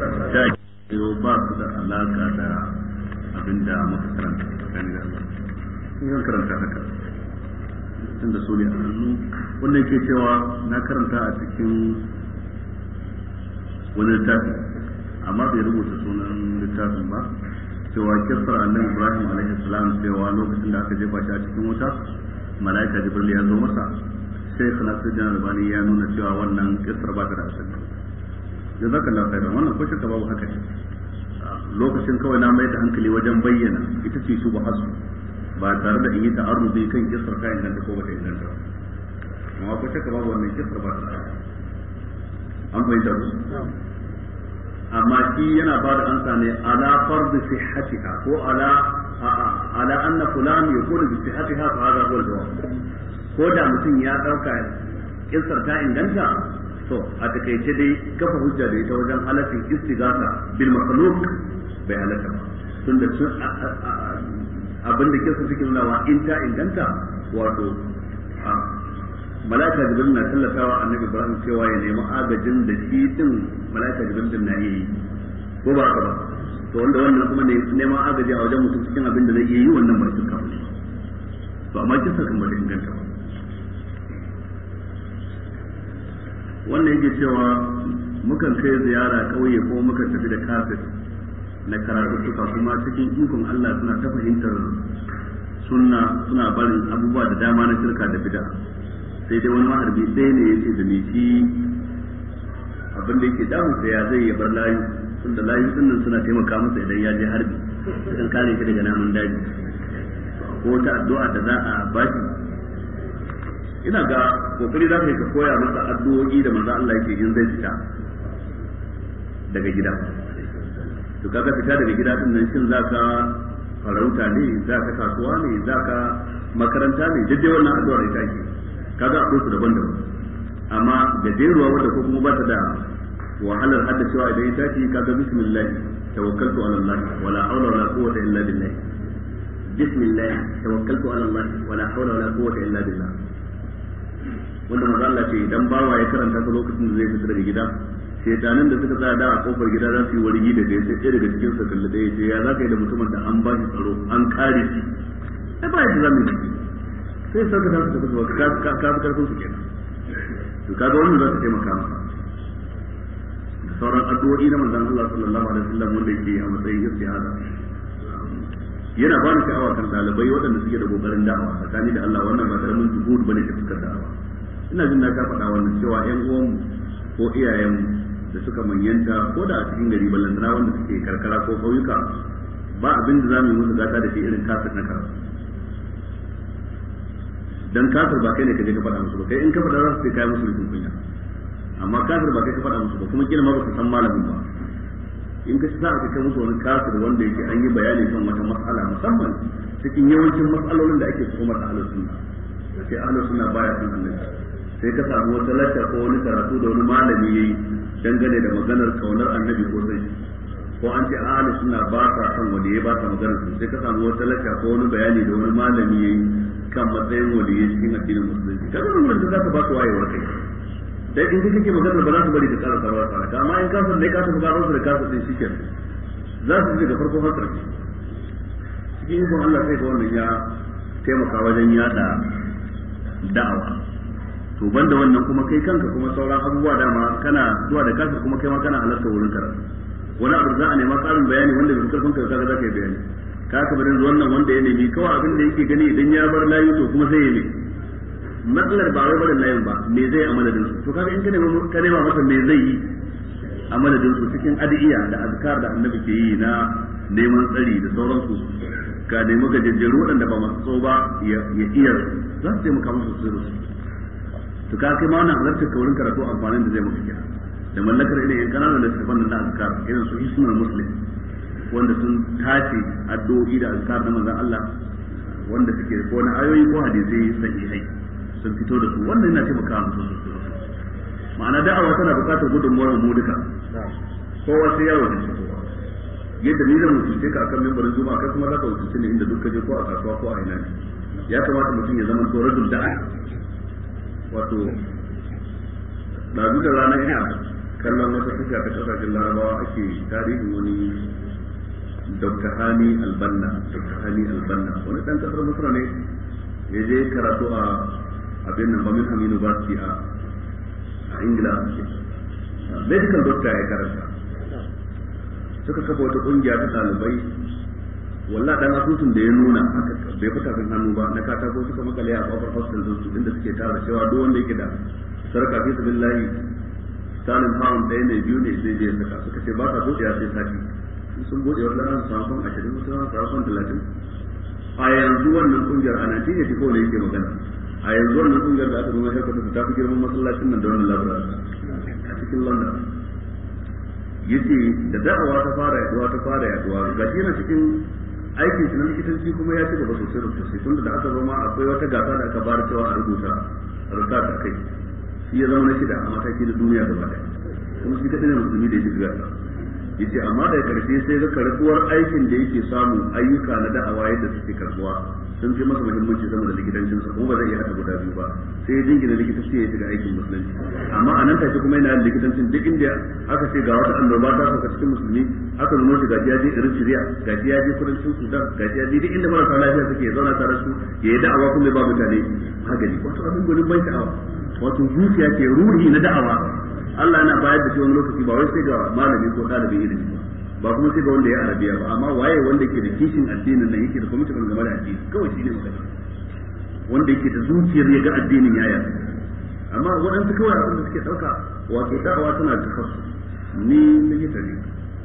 barakatuh ba su da alaka da abinda muka karanta tsakanin da Allah zan karanta haka tun da sune a hannu wannan ke cewa na karanta a cikin wani littafi amma bai rubuta sunan littafin ba cewa kisar annabi ibrahim alaihi salam cewa lokacin da aka jefa shi a cikin wuta malaika jibril ya zo masa sai da albani ya nuna cewa wannan kisar ba ta da asali jazakallahu khairan wannan ko shakka babu haka ne lokacin kawai na mai da hankali wajen bayyana ita ce su ba hasu ba tare da in yi ta'arruzi kan kisar ta inganta ko ba ta inganta ba amma ko shakka babu wannan kisar ba ta da an fahimta ku amma shi yana ba da ansa ne ala fardu sihhatiha ko ala ala anna fulan yaqulu bi sihhatiha fa hadha huwa al-jawab ko da mutum ya dauka kissar ta inganta to a takeice dai kafa hujja da ita wajen halatin istighatha bil makhluq bai halaka ba tunda abin da kisa suke nuna wa in ta inganta wato malaka jibril na tallatawa annabi ibrahim cewa ya nemi agajin da shi din malaika da din na yi ko ba haka ba to wanda wannan kuma ne neman agaji a wajen mutum cikin abin da zai iya yi wannan ba su kawo to amma kisa kan da inganta ba wannan yake cewa mukan kai ziyara kauye ko muka tafi da kafir na karatuttuka kuma cikin ikon Allah suna ta fahimtar sunna suna barin abubuwa da dama na shirka da bid'a sai dai wani maharbi sai ne yake da ni shi abinda yake damu da ya zai bar layu da layu sun nan suna taimaka masa idan ya je harbi sukan kare shi daga namun daji ko wata addu'a da za a bashi ina ga kokari za ka yi ka koya masa addu'o'i da manzo Allah yake yin zai fita daga gida to kaga fita daga gida din nan shin za ka farauta ne za ka kasuwa ne za ka makaranta ne daidai wannan addu'ar ita kaga akwai su daban-daban amma da jeruwa wanda ko kuma ba ta da wahalar haddacewa idan ya tashi kaga bismillah tawakkaltu ala Allah wala hawla wala quwwata illa billah bismillah tawakkaltu ala Allah wala hawla wala quwwata illa billah wanda manzo Allah ce idan bawa ya karanta ta lokacin da zai fitar da gida shaytanin da suka tsaya da a kofar gida za su yi wargi da zai sai ɗaya daga cikin sa kalli ɗaya ce ya za ka yi da mutumin da an ba shi tsaro an kare shi ai ba za sai sarka su tafi ka ka ka su kenan to ga wannan za su taimaka maka sauran addu'o'i na manzon Allah sallallahu alaihi wasallam wanda yake a matsayin istihara yana ba ni sha'awa kan dalibai waɗanda suke da kokarin da'awa tsakani da Allah wannan ba karamin zuhud bane da suka da'awa ina jin na ka faɗa wannan cewa ƴan uwanmu ko iyayen da suka manyanta ko da a cikin gari ballantana wanda suke karkara ko ƙauyuka ba abin da za mu yi musu gata da shi irin kafir na karatu dan kafir ba kai ne ka je ka faɗa musu ba kai in ka faɗa za su ce kai musu mutum kunya amma kafir ba kai ka faɗa musu ba kuma kila ma ba ka san malamin ba in ka sa a ka kai musu wani kafir wanda yake an yi bayani kan wata matsala musamman cikin yawancin matsalolin da ake tuhumar ahlus sunna da sai ahlus sunna baya son annabi sai ka samu wata lacca ko wani karatu da wani malami yayi dangane da maganar kaunar annabi ko sai ko an ce ahlus sunna ba sa son wani ya ba sa maganar su sai ka samu wata lacca ko wani bayani da wani malami yayi kan matsayin wani ya cikin addinin musulunci kaga wannan da zaka ba ku wayewar kai dai in kuka ke magana ba za su bari ka ƙara sarwa sarwa amma in kasar ne ka tafi ƙarar su da kasar din shike za su ji da farko har ƙarshe cikin ikon Allah sai ga wannan ya taimaka wajen yada da'awa to banda wannan kuma kai kanka kuma sauran abubuwa dama kana zuwa da kasar kuma kai ma kana halarta wurin karatu wani abu za a nema karin bayani wanda bai karfin ka kaga za ka yi bayani ka ka bari wannan wanda ya nemi kawai abin da yake gani idan ya bar layi to kuma sai ya nemi matsalar ba wai barin layin ba me zai a madadin to kaga in ka nema ka nema masa me zai yi a madadin cikin adiya da azkar da annabi ke yi na neman tsari da sauransu ka nemi gajejjeru waɗanda ba masu tso ba ya iya za su taimaka musu su su to ka kai ma wannan halartar kaurin karatu amfanin da zai mafi kira da mallakar ina yan kananan da tafan da azkar irin su hisnul muslim wanda sun tace addu'o'i da azkar na manzon Allah wanda suke ko na ayoyi ko hadisi sahihai sun fito da su wannan yana taimaka mutum sosai ma'ana da'awa tana bukatar gudunmuwar mu duka kowa sai ya wakilci kowa yadda ni zan ce ka akan membarin zuma kai kuma zaka wakilce ne inda duk ka je ko a kasuwa ko a ina ne ya kamata mutum ya zama to rajul da'a wato duk da rana ina kallon wata tafiya ta kasashen larabawa ake tarihin wani dr hani albanna dr hani albanna wani dan kasar misra ne ya je karatu a abin nan ba Birmingham University a a Ingila medical doctor ya karanta suka kafa wata kungiya ta talibai walla dan asusun da ya nuna haka bai fita kan hannu ba na katako suka makale a kofar hostel din su inda suke tara cewa duk wanda yake da sarka fi billahi sanin pound ɗaya ne biyu ne zai je suka suka ce ba ka so ya sai sati sun buɗe wata ran sakon ashirin wasu ran sakon talatin a yanzu wannan kungiyar a Najeriya ta kowane yake magana a yanzu wannan ungar da aka zama shakka ta ta fi girman masallacin nan da wannan labarin a cikin london yace da da'awa ta fara yaduwa ta fara yaduwa ga shi na cikin aikin shi na likitanci kuma ya ci gaba sosai da sosai tunda da aka zama akwai wata gasa da aka bar cewa a rubuta rubuta ta kai shi ya zama na shida a mataki na duniya gaba ɗaya kuma shi kaɗai ne musulmi da ya shiga yace amma da karshe sai ga karbuwar aikin da yake samu ayyuka na da'awa yadda suke karbuwa sun fi masa muhimmanci sama da likitancin sa ko ba zai iya hada guda biyu ba sai ya jingina likita sai ya shiga aikin musulunci amma a nan take kuma yana likitancin duk inda aka ce ga wata annoba ta sauka cikin musulmi aka nuno shi ga ya je irin Syria ga ya je kudancin Sudan ga ya duk inda marasa lafiya suke ya zauna tare su ya yi da'awa kuma ba mutane magani wato abin gwanin ban sha'awa wato zuciya ke ruhi na da'awa Allah yana bayar da shi wani lokaci ba wai sai ga malami ko ɗalibin ilimi ba kuma sai ga wanda ya arabiya ba amma waye wanda ke da kishin addinin nan yake da kuma tukar game da addini kawai shi ne magana wanda yake da zuciyar ya ga addinin yaya amma waɗansu kawai abin da suke ɗauka wato da'awa tana tafassu ni likita ne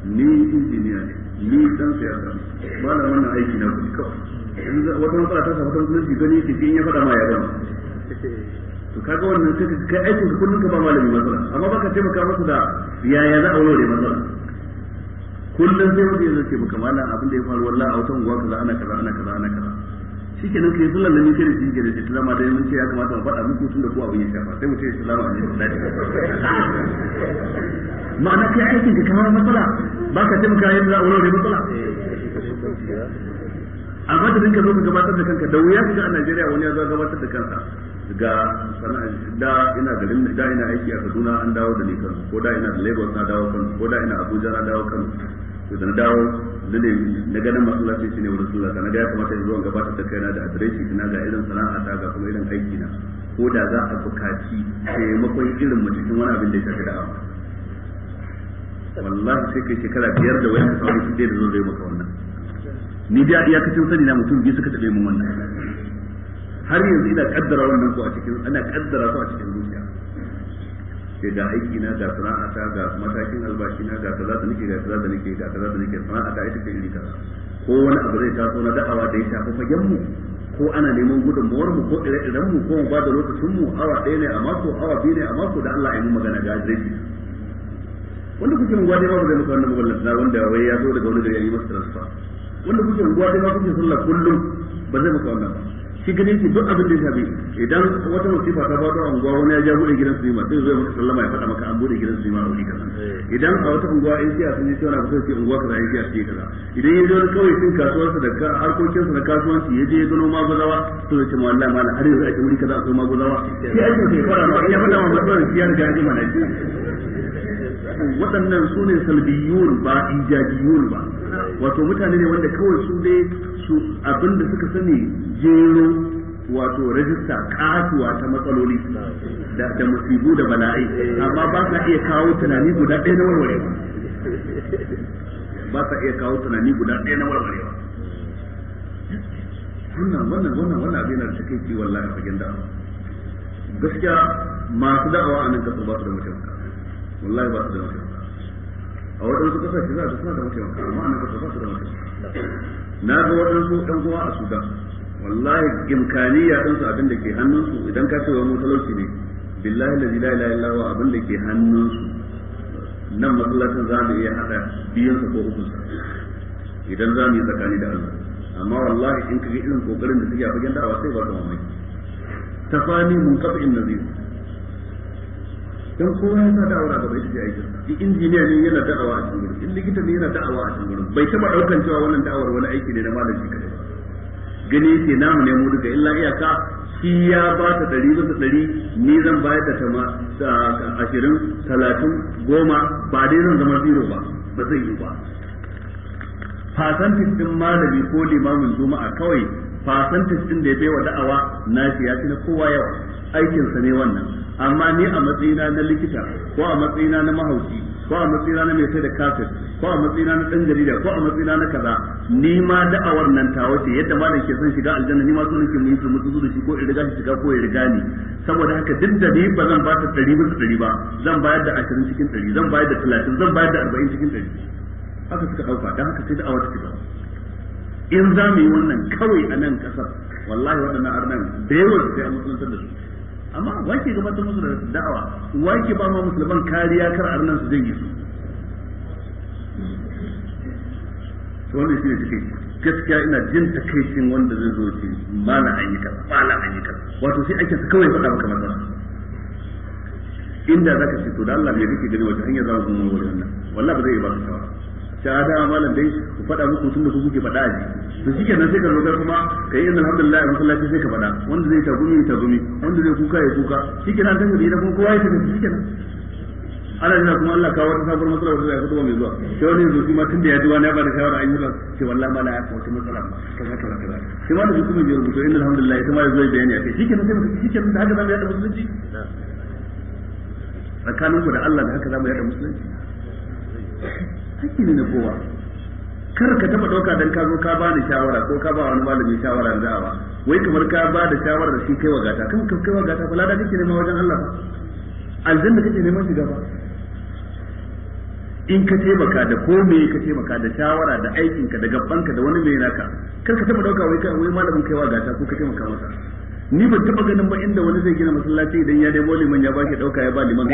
ni injiniya ne ni dan siyasa ba na wannan aiki na kuɗi kawai wata matsala ta samu kan musulunci gani yake shi in ya faɗa ma ya gama to ga wannan kai aikin ka kullum ka ba malami matsala amma ka taimaka musu da yaya za a warware matsala kullum sai wanda yanzu ce maka malam abin da ya faru wallah a wata unguwa kaza ana kaza ana kaza ana kaza shikenan yi sallar da muke da shi da tilama da yin ce ya kamata mu faɗa muku tun da ku abin ya shafa sai mu ce islama ne da ma'ana kai aikin ka kamar matsala ba ka taimaka yadda za wurare matsala amma da dinka zo ka gabatar da kanka da wuya ka a Najeriya wani ya zo gabatar da kansa ga da ina garin da ina aiki a Kaduna an dawo da ni kan ko da ina da Lagos na dawo kan ko da ina Abuja na dawo kan to da na dawo da ne na shi ne wani wurin sallah na ga ya kamata in zo gabatar da kaina da adireshi na ga irin sana'a ta ga kuma irin aiki na ko da za a bukaci taimakon irin mu cikin wani abin da ya shafi da'awa wallahi sai kai shekara biyar da wani ka samu shi da zo zai maka wannan ni da iyakacin sani na mutum biyu suka tabe mun wannan har yanzu ina kaddara wannan ko a cikin ana kaddara ko a cikin zuciya sai ga aiki na ga sana'a ta ga matakin albashi na ga kaza da nake ga kaza da nake ga kaza da nake sana'a ta ita ce iri kaza ko wani abu zai taso na da'awa da ya shafi fagen mu ko ana neman gudunmuwar mu ko ire-iren mu ko mu ba da lokacin mu awa ɗaya ne a mako awa biyu ne a mako da Allah ya yi magana ga zai wanda kuke mu gwade ba ba zai muku wannan mugallata wanda wai ya zo daga wani gari ya yi masa transfer wanda kuke ruwa dai ma kuke sallah kullum ba zai maka wannan shi ganin ki duk abin da ya shafi idan wata musifa ta faɗo a unguwa wani ya ja buɗe gidan su ma sai zo ya maka sallama ya fada maka an buɗe gidan su ma a wuri kaza idan a wata unguwa in siya sun yi cewa na ba sai unguwa kaza in siya su yi kaza idan ya je wani kawai cin kasuwarsa da harkokinsa na kasuwanci ya je ya gano maguzawa to ya ce ma wallahi mala har yanzu ake wuri kaza akwai maguzawa sai aikin sai fara ma ya faɗa ma matsalar siya da gajima na waɗannan su ne salbiyun ba ijabiyun ba wato mutane ne wanda kawai su dai su abinda suka sani jero wato rajista katuwa ta matsaloli da da musibu da bala'i amma ba sa iya kawo tunani guda ɗaya na warwarewa ba sa iya kawo tunani guda ɗaya na warwarewa wannan wannan wannan wannan abin da suke ci wallahi fagen da'awa gaskiya masu da'awa a nan kasu ba su da mutum wallahi ba su da mutum a waɗansu kasashe za a suna da mutuwa amma na kasa ba su da mutuwa na ga waɗansu ɗan kuma a suka wallahi ya ɗan su abin da ke hannunsu idan ka cewa wa mu talauci ne billahi la ilaha ila huwa abin da ke hannunsu nan masallacin za mu iya haɗa biyan sa ko uku idan za mu yi tsakani da Allah amma wallahi in ka ga irin ƙoƙarin da suke a fagen da'awa sai ba ta mamaki tafani mun na nazir don kowa ya sa da'awa ga bai shi ya in injiniya ne yana da'awa a cikin in likita ne yana da'awa a cikin bai taba daukan cewa wannan da'awar wani aiki ne na malami kadai gani ce namu ne mu duka illa iyaka shi ya ba ta ɗari bisa ɗari ni zan bayar da tama ashirin talatin goma ba dai zan zama zero ba ba zai yi ba fasantis din malami ko limamin juma'a kawai fasantis din da ya baiwa da'awa na shi ya fi na kowa yawa aikinsa ne wannan amma ni a matsayina na likita ko a matsayina na mahauki, ko a matsayina na mai sai da kafir ko a matsayina na dan jarida ko a matsayina na kaza ni ma da'awar nan ta wace yadda malam ke son shiga aljanna ni ma so nake mun mutu zuwa shi ko in riga shi shiga ko ya riga ni saboda haka duk da ni ba zan ba ta 100 bisa 100 ba zan bayar da 20 cikin 100 zan bayar da 30 zan bayar da 40 cikin 100 haka suka dauka dan haka sai da'awa ta ba in za mu yi wannan kawai a nan kasar wallahi waɗannan arnan da yawan sai an musulunta da su amma wake gabatar musu da da'awa wake ba ma musulman kariya kar arnan su janye su wannan shi ne take gaskiya ina jin takaicin wanda zai zo ce mala ayyuka mala ayyuka wato sai ake su kawai faɗa maka maza inda zaka ce to da Allah ne kake gani wace hanya za mu gumo wajen nan wallahi ba zai ba ka shawara ta ah, a malam dai ku faɗa musu tun da su kuke faɗa aji to shike nan sai ka rogar kuma ka yi alhamdulillah wa masallaci sai ka faɗa wanda zai tagumi ya tagumi wanda zai kuka ya kuka shike nan kan gari da kuma kowa ya tafi shike nan ana jira kuma Allah kawo wata sabuwar matsala wata zai fito mai zuwa sai wani yanzu kuma tun da ya ji wani ya bada shawara an yi ba ce wallahi ma na ya kawo wata matsala ba kaza kaza kaza sai ma da kuma ya rubuto inna alhamdulillah ita ma ya zo ya bayani a kai shike nan sai mu shike nan haka zamu yada musulunci tsakaninku da Allah da haka zamu yada musulunci haƙƙi ne na kowa kar ka taba ɗauka dan ka zo ka ba ni shawara ko ka ba wani malami shawara da ba wai kamar ka ba da shawarar shi kai wagata kan kai wagata fa ladan kike neman wajen Allah aljanna kike neman shiga ba in ka taimaka da ko me ka taimaka da shawara da aikinka da gabanka da wani mai naka kar ka taba dauka wai kai wai malamin kai wagata ko ka taimaka masa ni ban taba ganin ba inda wani zai gina masallaci idan ya dai liman ya ba shi dauka ya ba liman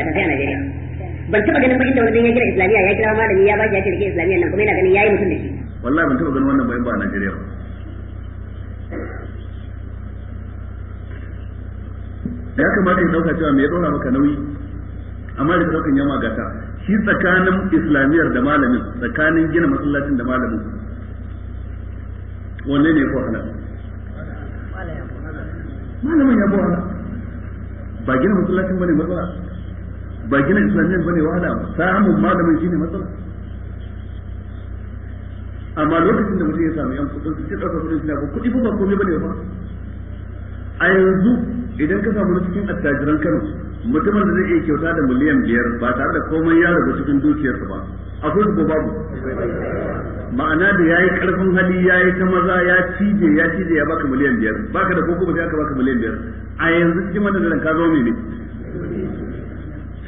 ban taba ganin ba da wani ya kira islamiyya ya kira malami ya baki ya ce rike islamiyya nan kuma yana ganin yayi mutum da shi wallahi ban taba ganin wannan bayan ba a Najeriya ba da ya kamata ya dauka cewa me ya dora maka nauyi amma da daukan yamma gata shi tsakanin islamiyar da malamin tsakanin gina masallacin da malamin wanne ne ko hala. malamin ya bo ba gina masallacin bane ba ba gina islamiyyar bane wahala samun malamin shine matsala amma lokacin da mutum ya samu yan kudin su ce ɗaukar kudin ko kudi ba komai bane ba a yanzu idan ka samu cikin attajiran Kano mutumin da zai iya kyauta da miliyan biyar ba tare da komai ya rabu cikin dukiyarsa ba akwai ko babu ma'ana da ya yi karfin hali ya yi ta maza ya cije ya cije ya baka miliyan biyar baka da koko ba sai aka baka miliyan biyar a yanzu cikin wannan da ka zo ne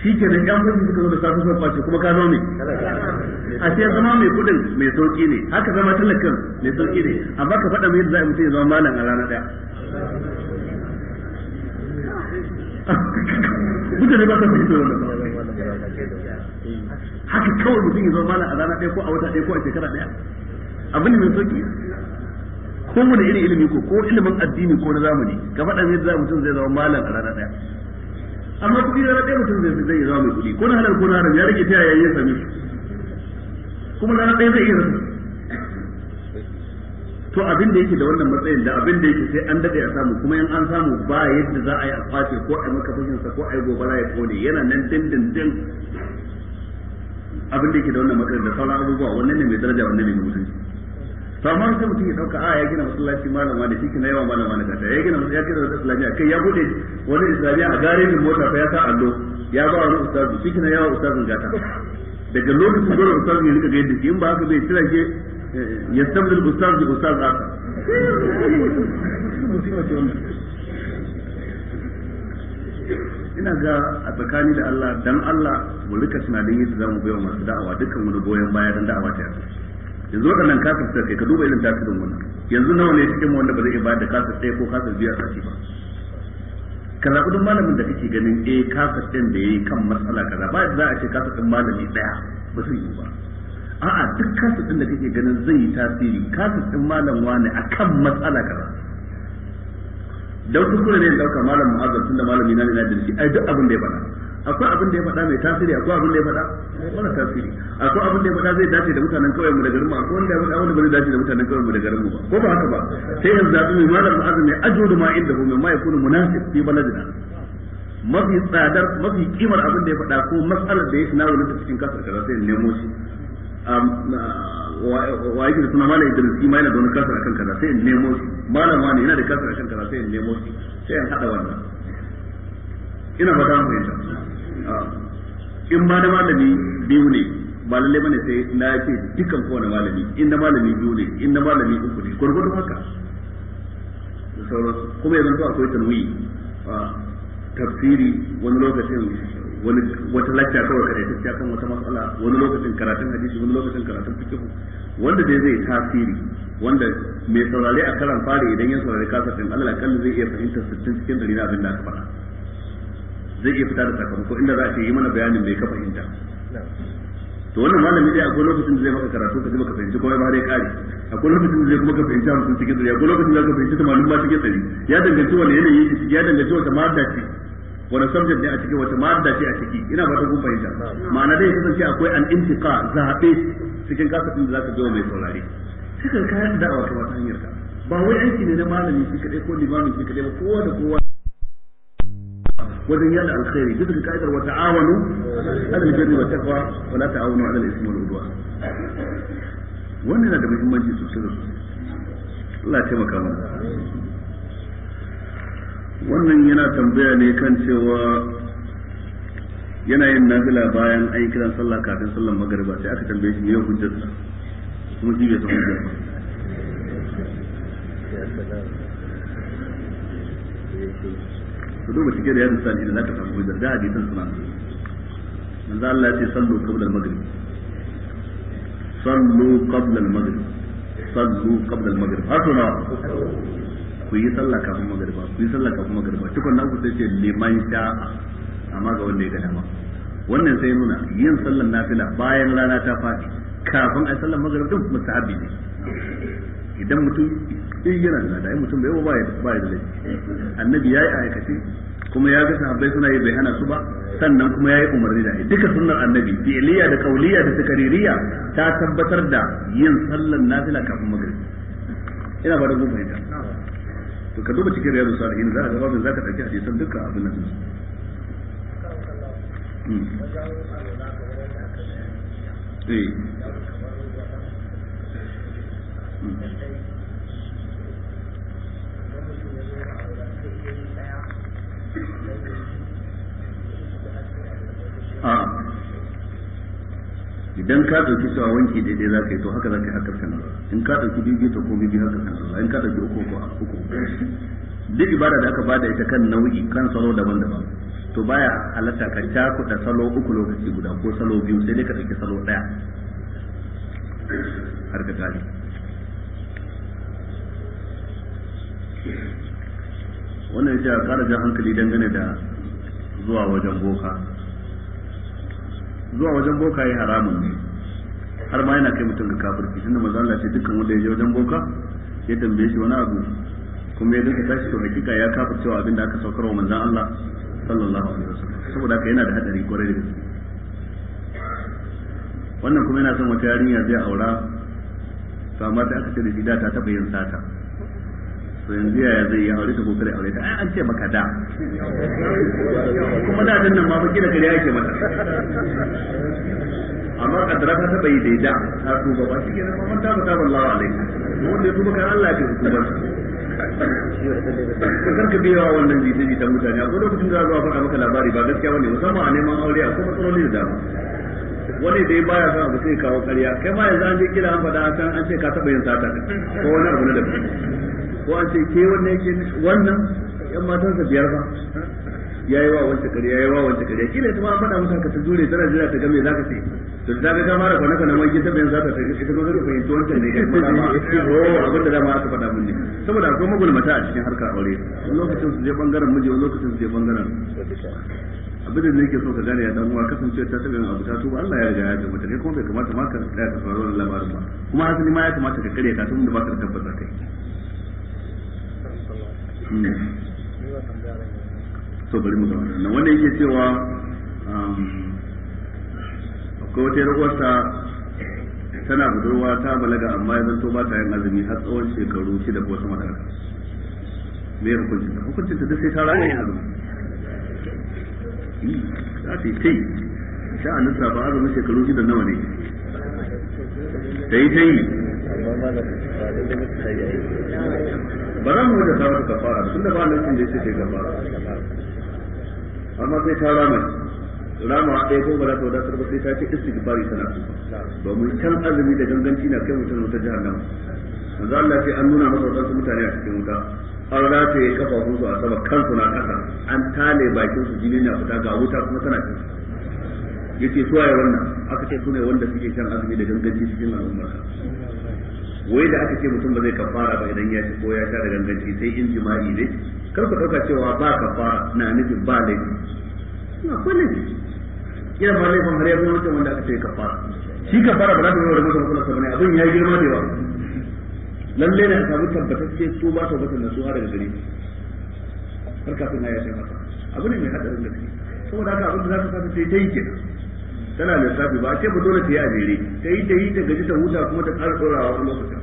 nan yan kudin suka zo da safe sun kwace kuma ka zo ne a ce zama mai kudin mai sauki ne haka zama talakan mai sauki ne amma ka faɗa mai yadda za a mutum ya zama malam a rana ɗaya mutane ba ta fi hito wannan haka kawai mutum ya zama malam a rana ɗaya ko a wata ɗaya ko a shekara ɗaya abin da mai sauki ko wani da irin ilimi ko ko ilimin addini ko na zamani ka faɗa mai yadda mutum zai zama malam a rana ɗaya amma kuɗi da ɗaya mutum zai zai zama mai kuɗi ko na halar ko na haram ya rage ta yayi ya sami kuma na ɗaya zai iya rasa to abin da yake da wannan matsayin da abin da yake sai an dade a samu kuma in an samu ba yadda za a yi a kwace ko a yi maka sa ko a yi gobara ya kone yana nan dindindin abin da yake da wannan matsayin da sauran abubuwa wannan ne mai daraja wannan ne mai mutunci to amma sai mutum ya dauka a ah, ya gina masallaci malama da shi na yawa malama na gata ya gina ya gina wata islamiyya kai ya bude wani islamiyya a gare ni mota fa ya sa allo ya ba wani ustazu shi na yawa ustazun gata daga lokacin dole ustazu ya rika ga yadda in ba haka zai tsira ke eh, ya tabbata ustazu da ustazu haka ina ga a tsakani da Allah dan Allah mu rika tunanin yadda zamu bayar masu da'awa dukkan wani goyon baya dan da'awa ta yarda yanzu waɗannan kasar da kai ka duba irin tasirin wannan yanzu nawa ne cikin wanda ba zai iya da kasar ɗaya ko kasar biyar a ba ka zaɓi duk malamin da kake ganin eh kasar ɗin da ya yi kan matsala kaza ba za a ce kasar ɗin malami ɗaya ba zai yi ba a'a duk kasar ɗin da kake ganin zai yi tasiri kasar ɗin malam wani a kan matsala kaza dan kuskure ne ɗauka malam mu'azzam tun da malami na ne na da ai duk abin da ya bana akwai abin da ya faɗa mai tasiri akwai abin da ya faɗa mara tasiri akwai abin da ya faɗa zai dace da mutanen kawai mu da garin mu akwai wanda ya faɗa wanda ba zai dace da mutanen kawai mu da garin mu ba ko ba haka ba sai yanzu zabi mai malam mu'azzam mai ajo da ma inda hu mai ma yakunu munasib fi baladina mafi tsadar mafi kimar abin da ya faɗa ko matsalar da ya shi wani ta cikin kasar kaza sai nemo shi wa yake da suna malam Idris shi ma yana da wani kasar akan kaza sai in nemo shi malam wani yana da kasar akan kaza sai in nemo shi sai in hada wannan ina fata mu yanzu Ah. in ba da malami biyu ne ba lalle bane sai na ce dukkan kowane malami in da malami biyu ne in da malami uku ne gurgudu haka da sauransu kuma yanzu zuwa akwai tanwi ah, tafsiri wani lokacin wani wata lacca kawai kare ta kan wata matsala wani lokacin karatun hadisi wani lokacin karatun fikihu wanda dai zai tasiri wanda mai saurare a karan fari idan ya saurari kasafin Allah kalli zai iya fahimtar sittin cikin dari na abin da aka faɗa zai iya fita da sakamako inda za a ce yi mana bayanin mai ka fahimta to wannan malami dai akwai lokacin da zai maka karatu ka ji maka fahimci komai ba dai kare akwai lokacin da zai kuma ka fahimci hamsin cikin dari akwai lokacin da ka fahimci tamanin ba cikin tsari ya danganci wani yanayi ya danganci wata madda ce wani subject ne a cikin wata madda ce a ciki ina ba ta kun fahimta ma'ana dai ce akwai an intiqa zaɓe cikin kasafin da ka ga mai saurare cikin kayan da'awa ta wata hanyar ta ba wai aiki ne na malami shi kaɗai ko limamin shi kaɗai ba kowa da kowa wajen yada alkhairi duk da ka'idar wa ta'awanu alal birri wa taqwa wa la ta'awanu alal ismi wal udwan wannan yana da muhimmanci sosai Allah ya taimaka mana wannan yana tambaya ne kan cewa yana yin nafila bayan an yi kiran sallah kafin sallar magariba sai aka tambaye shi me yau hujjar sa kuma shi bai san hujjar ba Thank you. ku duba da yadda sa ne da ka samu hujjar da hadisan suna manzo Allah ya ce sallu qabla al-maghrib sallu qabla al-maghrib sallu qabla al-maghrib har to ku yi sallah kafin magriba ku yi sallah kafin magriba tukun nan ku sai ce liman sha'a amma ga wanda ya ga dama wannan sai nuna yin sallan nafila bayan rana ta fadi kafin a sallan magrib din mustahabi ne idan mutum in yana da da mutum bai ba ya ba ya da annabi yayi aikace kuma ya ga sahabbai suna yi bai hana su ba sannan kuma yayi umarni da duka sunnar annabi fi'liya da kauliyya da takaririya ta tabbatar da yin sallar nafila kafin magrib ina ba da mun fahimta to ka duba cikin riyadu salihin za ka ga wannan zaka dauki hadisan dukkan abin nan hmm. eh hmm. a ah. idan ka ɗauki cewa wanki daidai za ka yi to haka za ka yi haka kan in ka ɗauki biyu ta ko biyu haka kan in ka ɗauki uku ko uku duk ibada da aka bada ita kan nau'i kan salo daban-daban to baya halatta ka cakuɗa salo uku lokaci guda ko salo biyu sai dai ka dauki salo ɗaya har ka gane wannan ya kara jan hankali dangane da zuwa wajen boka zuwa wajen boka ya haramun ne har ma yana kai mutum ga kafirci tunda manzo Allah ce dukkan wanda ya je wajen boka ya tambaye shi wani abu kuma ya dinka tashi to hakika ya kafirce wa abin da aka saukar wa manzon Allah sallallahu alaihi wasallam saboda haka yana da hadari kwarai da gaske wannan kuma yana son wata yarinya zai aura to amma sai aka ce da shi da ta taba yin sata to yanzu yaya zai yi aure ta ko kare aure ta an ce maka da kuma da nan ma baki da kare yake mata amma kaddara ta taba yi da ta tuba ba shi kenan mamman ta ba ta wallahi alaikum wanda ya tuba kan Allah ya tuba ka biya wannan jita jita mutane a kodon da zuwa a faɗa maka labari ba gaskiya wani musamman a neman aure a kuma matsaloli da dama wani dai baya sa abu sai kawo ƙarya kai ma yanzu an je kira an faɗa an ce ka taɓa yin sata ko wani abu na daban ko a ce ke wannan yake wannan yan matansa biyar ba ya yi wa wanta kare ya yi wa wanta kare kila ta ma fada masa ka ta jure tana jira ta game za ka ce to da ga kamar kwana kana mai kita bayan za ta ta ita ko zai fahimci wancan ne ya fara ma [laughs] oh abin da da ma aka fada mun ne saboda akwai magulmata a cikin harkar aure lokacin su je bangaren miji lokacin su je bangaren abin da nake so ka gane ya dan uwa kasance ta tabbin abu ta tuba Allah ya riga ya jama ta ne kuma bai kamata ma ka tsaya ka faro wannan labarin ba kuma hasali ma ya kamata ka kare ka tun da ba ka tabbata kai to bari mu gaba nan yake cewa um, akwai wata tana budurwa ta balaga amma ya zanto ba ta yin azumi har tsawon shekaru shida ko sama da haka me hukuncin ta hukuncin ta duk sai ta rana yin azumi za ta yi sai sha'anin ta ba azumin shekaru shida nawa ne ta yi ta yi ba za mu wajen ta wata kafara tun da ba laifin da yake kai kafara amma sai ta rama rama ɗaya ko ba za ta wadatar ba sai ta ce istighfari tana domin can azumi da ganganci na kai mutum wata jihar nan. manzo Allah ce an nuna masa wadansu mutane a cikin wuta an rataye kafafun su a sama kansu na ƙasa an tale bakin su jini na fita ga wuta kuma tana cin yace suwaye wannan aka ce ne wanda suke can azumi da ganganci cikin al'umma wai da aka ce mutum ba zai kafara ba idan ya ci ko ya sha da ganganci sai in jima'i ne kar ku ɗauka cewa ba kafara na nufin ba laifi na kwalin kira ma laifin har ya zama wancan wanda aka ce kafara shi kafara ba za ta yi wa da mutum kula sabani abin ya girma da yawa lallai na samu tabbatacce su ba ta batun da su har da gari har kafin na ya san haka abu ne mai hadarin ke saboda haka abin da za ka sa ta yi kenan tana lissafi ba a ce ba dole ta yi a jere ta yi ta yi ta gaji ta huta kuma ta ƙara ɗorawa wasu lokacin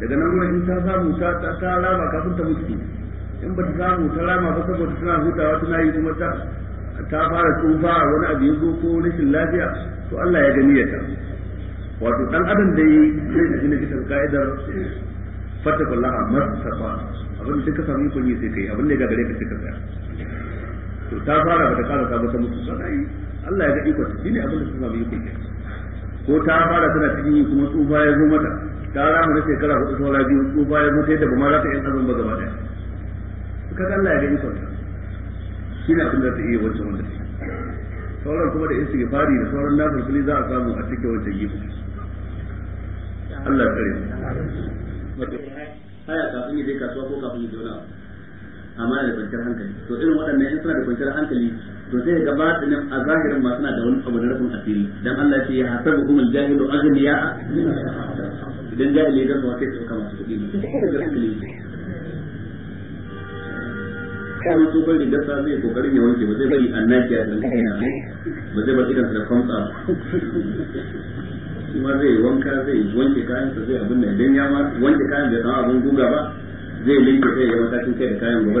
daga nan wani in ta samu ta ta rama kafin ta mutu in ba ta samu ta rama ba saboda tana hutawa tana yi kuma ta ta fara tsufa wani abu ya zo ko rashin lafiya to Allah ya gani ya ta wato dan adam da yi zai tafi na bisan ka'idar fata kullaha masafa abin da ta samu kun yi sai kai abin da ya gagare ka ta ka tsaya to ta fara ba ta ƙara ta mutu sai Allah ya ga iko shi ne abin da suka zama iko ko ta fara tana cikin yi kuma tsufa ya zo mata ta rama na shekara hudu saura biyu tsufa ya zo ta yadda ba ma za ta yi azan ba gaba daya kaga Allah ya ga iko shi ne abin da ta iya wancan wanda sauran kuma da istighfari da sauran fili za a samu a cikin wancan yi Allah kare haya kafin yi je kasuwa ko kafin yi je amma da kwanciyar hankali to irin waɗannan in suna da kwanciyar hankali to sai ga batinin a zahirin ma suna da wani abu da rufin asiri dan Allah ya ce ya hasabu humul jahilu aghniya dan jahili ya ba sai su kama su kudi kan su bari da sa zai kokarin ya wanke ba zai bari annaki a cikin kaina ba zai bar idan da kwamsa kuma zai wanka zai wanke kayan sa zai abin da idan ya ma wanke kayan da sama abin guga ba zai linke sai ya matakin kai da kayan gobe ba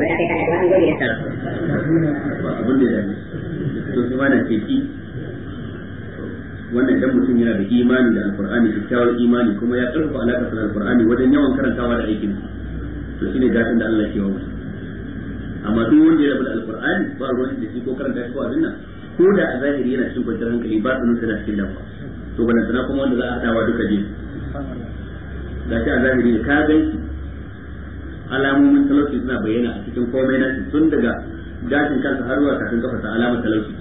abin da dami to sai ma na teki wannan dan mutum yana da imani da alqur'ani kyakkyawar imani kuma ya karfafa alaƙar da alqur'ani wajen yawan karantawa da aikin to shine gatan da Allah ke wa mutum amma duk wanda ya rabu da alqur'ani ba ruwan da shi ko karanta shi ko abin ko da a zahiri yana cikin kwanciyar hankali ba su nuna cikin damuwa to na kuma wanda za a haɗawa duka biyu shi a zahiri ne ka gan alamomin talauci suna bayyana a cikin komai na tun daga gashin kansa har zuwa kafin kafa ta alamar talauci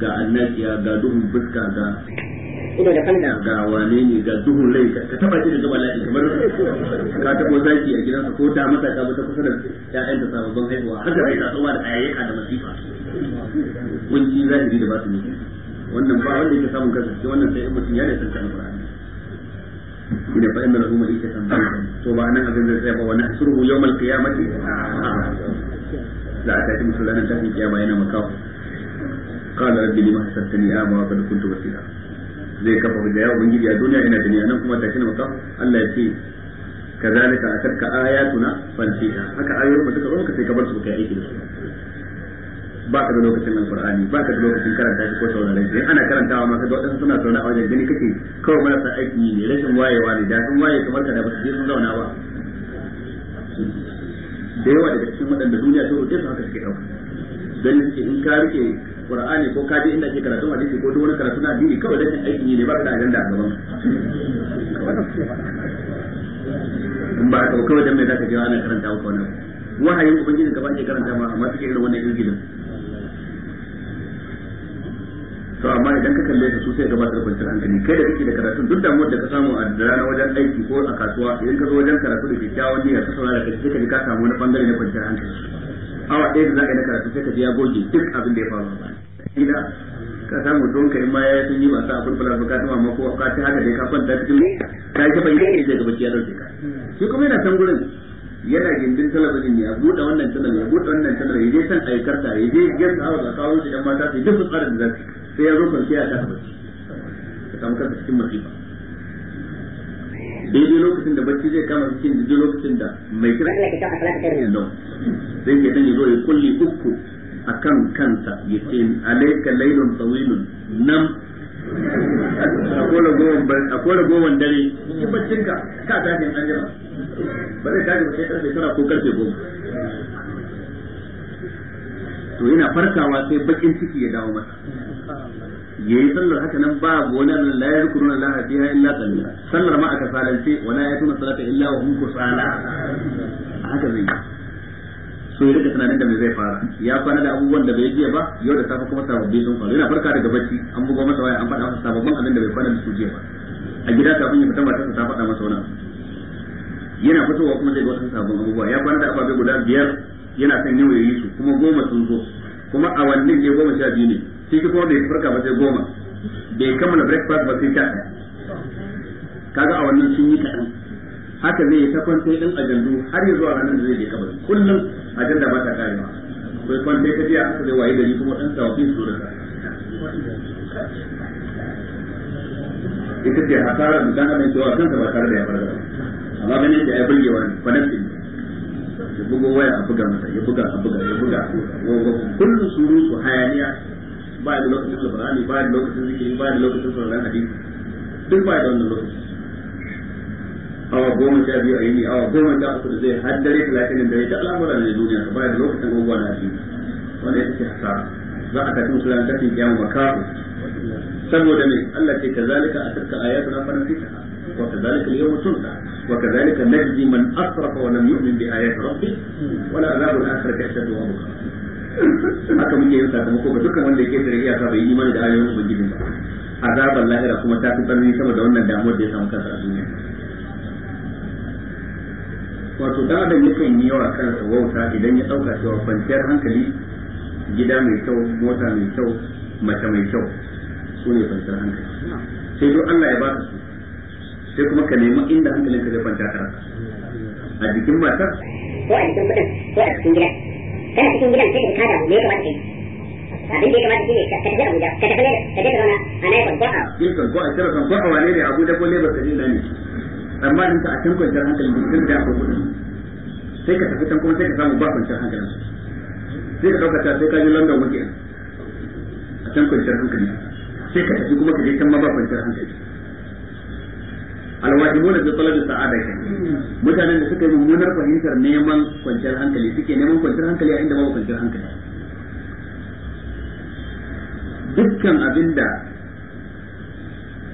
ga annabiya ga duhun buska ga ido da kanda ga wane ne ga duhun rai ka taba shi da gaba lafi kamar ka tabo zaki a gidansa ko ta masa ka ta kusa da ƴaƴan da sababbin haihuwa har da rai da tsowa da ayayyaka da masifa kunji zahiri da ba su ne wannan ba wanda yake samun kansa shi wannan sai in mutum ya ne san kan shine fa inna lahu ma'isha tan to ba nan abin zai tsaya ba wannan asruhu yawmal qiyamati za a tashi mutum ranar tashin kiyama yana makawa qala rabbi lima hasabtani a'ma wa qad kuntu basira zai kafa hujja ya ubangiji a duniya ina da ni nan kuma tashi na makawa Allah ya ce kazalika atarka ayatuna fansiha haka ayoyin mu suka zo ka sai ka bar su ka kai aiki da su ba ka da lokacin alqur'ani ba ka da lokacin karanta shi ko saurare shi ana karantawa ma kaga wadansu suna zauna a wajen gani kake kawai marasa aiki ne rashin wayewa ne da sun waye kamar ka da ba su je sun zauna ba da yawa daga cikin waɗanda duniya ta rute su haka suke ɗauka dan suke in ka rike qur'ani ko ka je inda ke karatu hadisi ko duk wani karatu na addini kawai rashin aiki ne ba ka da agenda a gaban in ba ka kawai dan me zaka je ana karanta ko wani wahayin ubangiji ka ba ke karanta ma amma suke irin wannan ilgilin to amma idan ka kalle su sai gabatar da kwanciyar hankali kai da kake da karatun duk damuwar da ka samu a rana wajen aiki ko a kasuwa idan ka zo wajen karatu da kyakkyawan niyya ka da kai sai ka ji ka samu wani bangare na kwanciyar hankali awa ɗaya da za ka yi na karatu sai ka ji ya goge duk abin da ya faru ina ka samu don kai ma ya sun yi ba sa abin bala ka tuma ko ka ta haka dai ka kwanta cikin ka ji bai kai da gabaci ya dauke ka shi kuma yana san gurin yana gindin talabijin ne a buɗe wannan talabijin ya buɗe wannan talabijin ya je san aikarta ya je yadda hawa da kawo shi dan mata su duk su tsara da za su sai ya zo kwanciya ya kasa bacci ka samu kanka cikin masifa daidai lokacin da bacci zai kama cikin daidai lokacin da mai kira ya kasa akala akar ne don sai ke dan yazo ya kulli uku akan kansa yace alayka laylun tawilun nam akwai ragowar dare in baccin ka tafi an jira ba zai tafi ba sai karfe tara ko karfe goma to yana farkawa sai bakin ciki ya dawo masa yayi sallar haka nan ba nan la yadhkuruna Allah biha illa qalila sallar ma aka salance wala yatuna salata illa wa hum kusala haka zai so ya rika tunanin da me zai fara ya kwana da abubuwan da bai jiya ba yau da safa kuma sababbi sun faru yana farka daga bacci an buga masa waya an faɗa masa sababbin abin da bai kwana da su jiya ba a gida kafin ya fita matarsa ta faɗa masa wani yana fitowa kuma zai ga wasu sabon abubuwa ya kwana da ababe guda biyar yana son yau ya yi su kuma goma sun zo kuma awannin ne goma sha biyu ne shi da ya farka ba sai goma bai kammala breakfast ba sai sha kaga a wannan sun yi kaɗan haka zai ta kwanta ɗin ajandu har ya zuwa ranar da zai je kabari kullum ajanda ba ta kare ba bai kwanta ta jiya haka zai waye gari kuma ɗan sawafin su da ita ce hasara da dan adam cewa kansa ba tare da ya farga amma ganin da ya burgewa ne connecting ya bugo waya a buga masa ya buga a buga ya buga kullum surutu hayaniya ba da lokacin alqur'ani ba da lokacin zikiri ba da lokacin hadisi duk ba da wannan lokaci awa goma sha biyu a yini awa goma sha uku da zai haddare talatin da ya ta al'amura ne duniya ba da lokacin abubuwa na addini wanda ya take hasara za a tafi musulman tashin kiyama makafu saboda me Allah ce kazalika atarka ayatuna fanasitaha wa kazalika al-yawma tunsa wa kazalika najzi man asrafa wa lam yu'min bi ayati rabbih wa azabul akhirati ashaddu wa abqa haka muke yin sakamako ga dukkan wanda yake tare iyaka bai yi mana da ayoyin ubangijin ba azabar lahira kuma ta fi tsanani saboda wannan damuwar da ya samu kansa a duniya wato dan adam yakan yi wa kansa wauta idan ya dauka cewa kwanciyar hankali gida mai kyau mota mai kyau mace mai kyau su ne kwanciyar hankali sai duk Allah ya baka su sai kuma ka nemi inda hankalinka zai kwanta ka a jikin matar ko a cikin ko a cikin gida kana cikin gidan sai ka kada me kamar kai abin da ya kamata shi ne ka tafi Abuja ka tafi Lagos ka tafi Rana a nan kan kwa'a shi kan kwa'a kira kan kwa'a wane ne Abuja ko Lagos ka je ne amma din ta a can kwanciyar hankalin ne tun da akwai kuɗi sai ka tafi can kuma sai ka samu ba kwanciyar hankalin, sai ka ɗaukata sai ka je London wuce a can kwanciyar hankali sai ka tafi kuma ka je can ma ba kwanciyar hankali alwajibuna bi talabi sa'ada hmm. mutanen da suka yi mummunar fahimtar neman kwanciyar hankali suke neman kwanciyar hankali a inda babu kwanciyar hankali dukkan abinda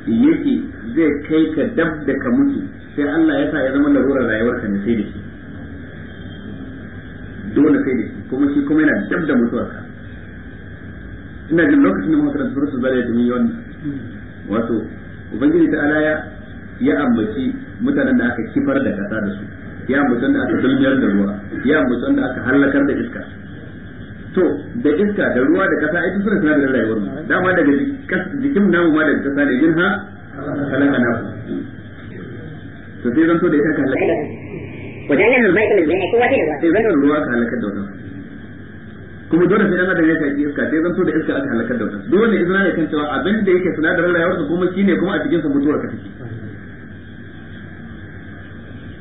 yake zai kai ka dab da ka mutu sai Allah ya sa ya zama larurar ka ne sai da shi dole sai da shi kuma shi kuma yana dab da ka ina jin lokacin da muka karanta su zariya da yawan hmm. wato ubangiji ta alaya ya ambaci mutanen da aka kifar da kasa da su ya ambaci wanda aka dulmiyar da ruwa ya ambaci wanda aka halakar da iska to da iska da ruwa da kasa ai suna suna da rayuwar mu dama daga jikin namu ma daga kasa ne jin ha halaka na to sai zan so da ita ka halaka wajen nan mai kuma zai kowa da ruwa sai zan ruwa ka halaka da wannan kuma dole sai an adam ya shaki iska sai zan so da iska aka halakar da wannan dole wanda izina ne kan cewa abin da yake sinadarin rayuwar su kuma shine kuma a cikin sa mutuwar ka take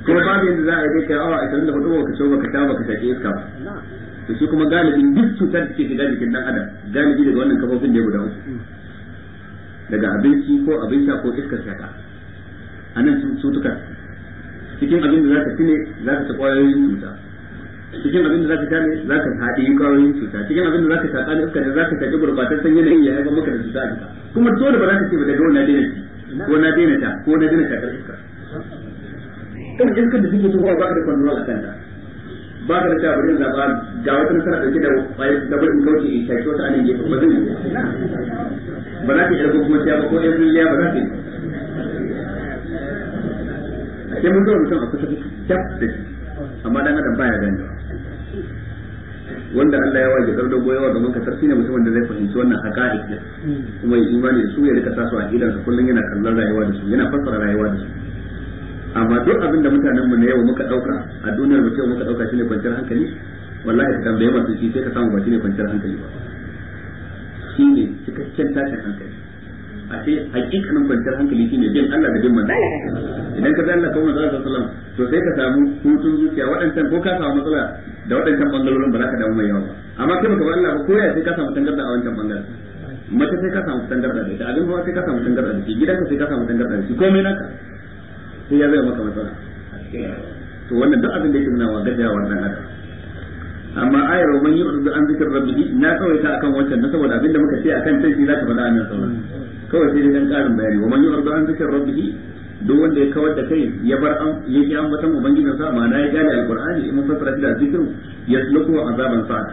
kuma babu yadda za a yi kai awa 24 ka so ka ta baka sake iska ba to shi kuma galibin duk cutar da ke shiga jikin dan adam galibi daga wannan kafofin ne guda uku daga abinci ko abin sha ko iskar shaka a nan cutuka cikin abin da za ka tune za ka ci kwayoyin cuta cikin abin da za ka ne za ka haɗe kwayoyin cuta cikin abin da za ka shaƙa ne iska ne za ka shaƙi gurbataccen yanayin ya haifar maka da cuta a jika kuma dole ba za ka ce ba daga wannan daina ci ko na daina ta ko na daina shakar iska kan iskar da suke tuhuwa ba ka da control a kanta ba ka da cewa bari zaɓa ga wata nasara ɗauke da ƙwayar da bai kauce in shaƙi a anan gefe ba zan yi ba za ka yi ɗarko kuma ba ko ɗan liya ba za ka yi a ke mun zuwa mutum a kusa kyaf da shi amma dan adam baya gani wanda Allah ya waje zardo goyewa domin ka tarsi ne mutumin da zai fahimci wannan haƙa'iq kuma ya imani da su ya rika sa su a idan kullum yana kallon rayuwa da su yana fassara rayuwa da su amma duk abin da mutanenmu na yau muka dauka a duniyar mu muka dauka shine kwanciyar hankali wallahi ka tambaye masu shi sai ka samu ba shine kwanciyar hankali ba shine cikakken tashin hankali a ce hakikanin kwanciyar hankali shine bin Allah da bin manzo idan ka Allah kawai manzo sallallahu alaihi wasallam to sai ka samu hutun zuciya waɗancan ko ka samu matsala da waɗancan bangarorin ba za ka damu mai yawa amma kai baka bar Allah ba ko ya sai ka samu tangarda a wancan bangaren mace sai ka samu tangarda da ita abin hawa sai ka samu tangarda da shi gidanka sai ka samu tangarda da shi komai naka sai ya zai maka matsala to wannan duk abin da yake nuna wa gajiya wannan haka amma ayar man yu'ridu an zikr rabbih na kawai ta akan wancan na saboda abin da muka ce akan sai za ka faɗa amin sauran kawai sai dai dan karin bayani wa man yu'ridu an zikr rabbih duk wanda ya kawar da kai ya bar an ya ki ambatan ubangijin sa ma na ya gane alqur'ani in mun fassara shi da zikr yasluku azaban sa'a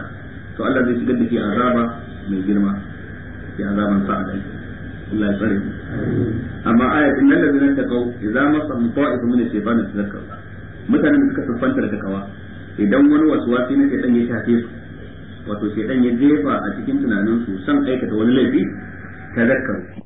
to Allah zai shigar da shi azaba mai girma ya azaban sa'a Allah ya tsare amma in nan ayat innal ladzina taqaw idza masahum ta'ifun min ash-shaytani tadhakkaru mutanen da suka siffanta da takawa idan wani waswasi na shaytan ya shafe su wato shaytan ya jefa a cikin tunanin su san aikata wani laifi ta tadhakkaru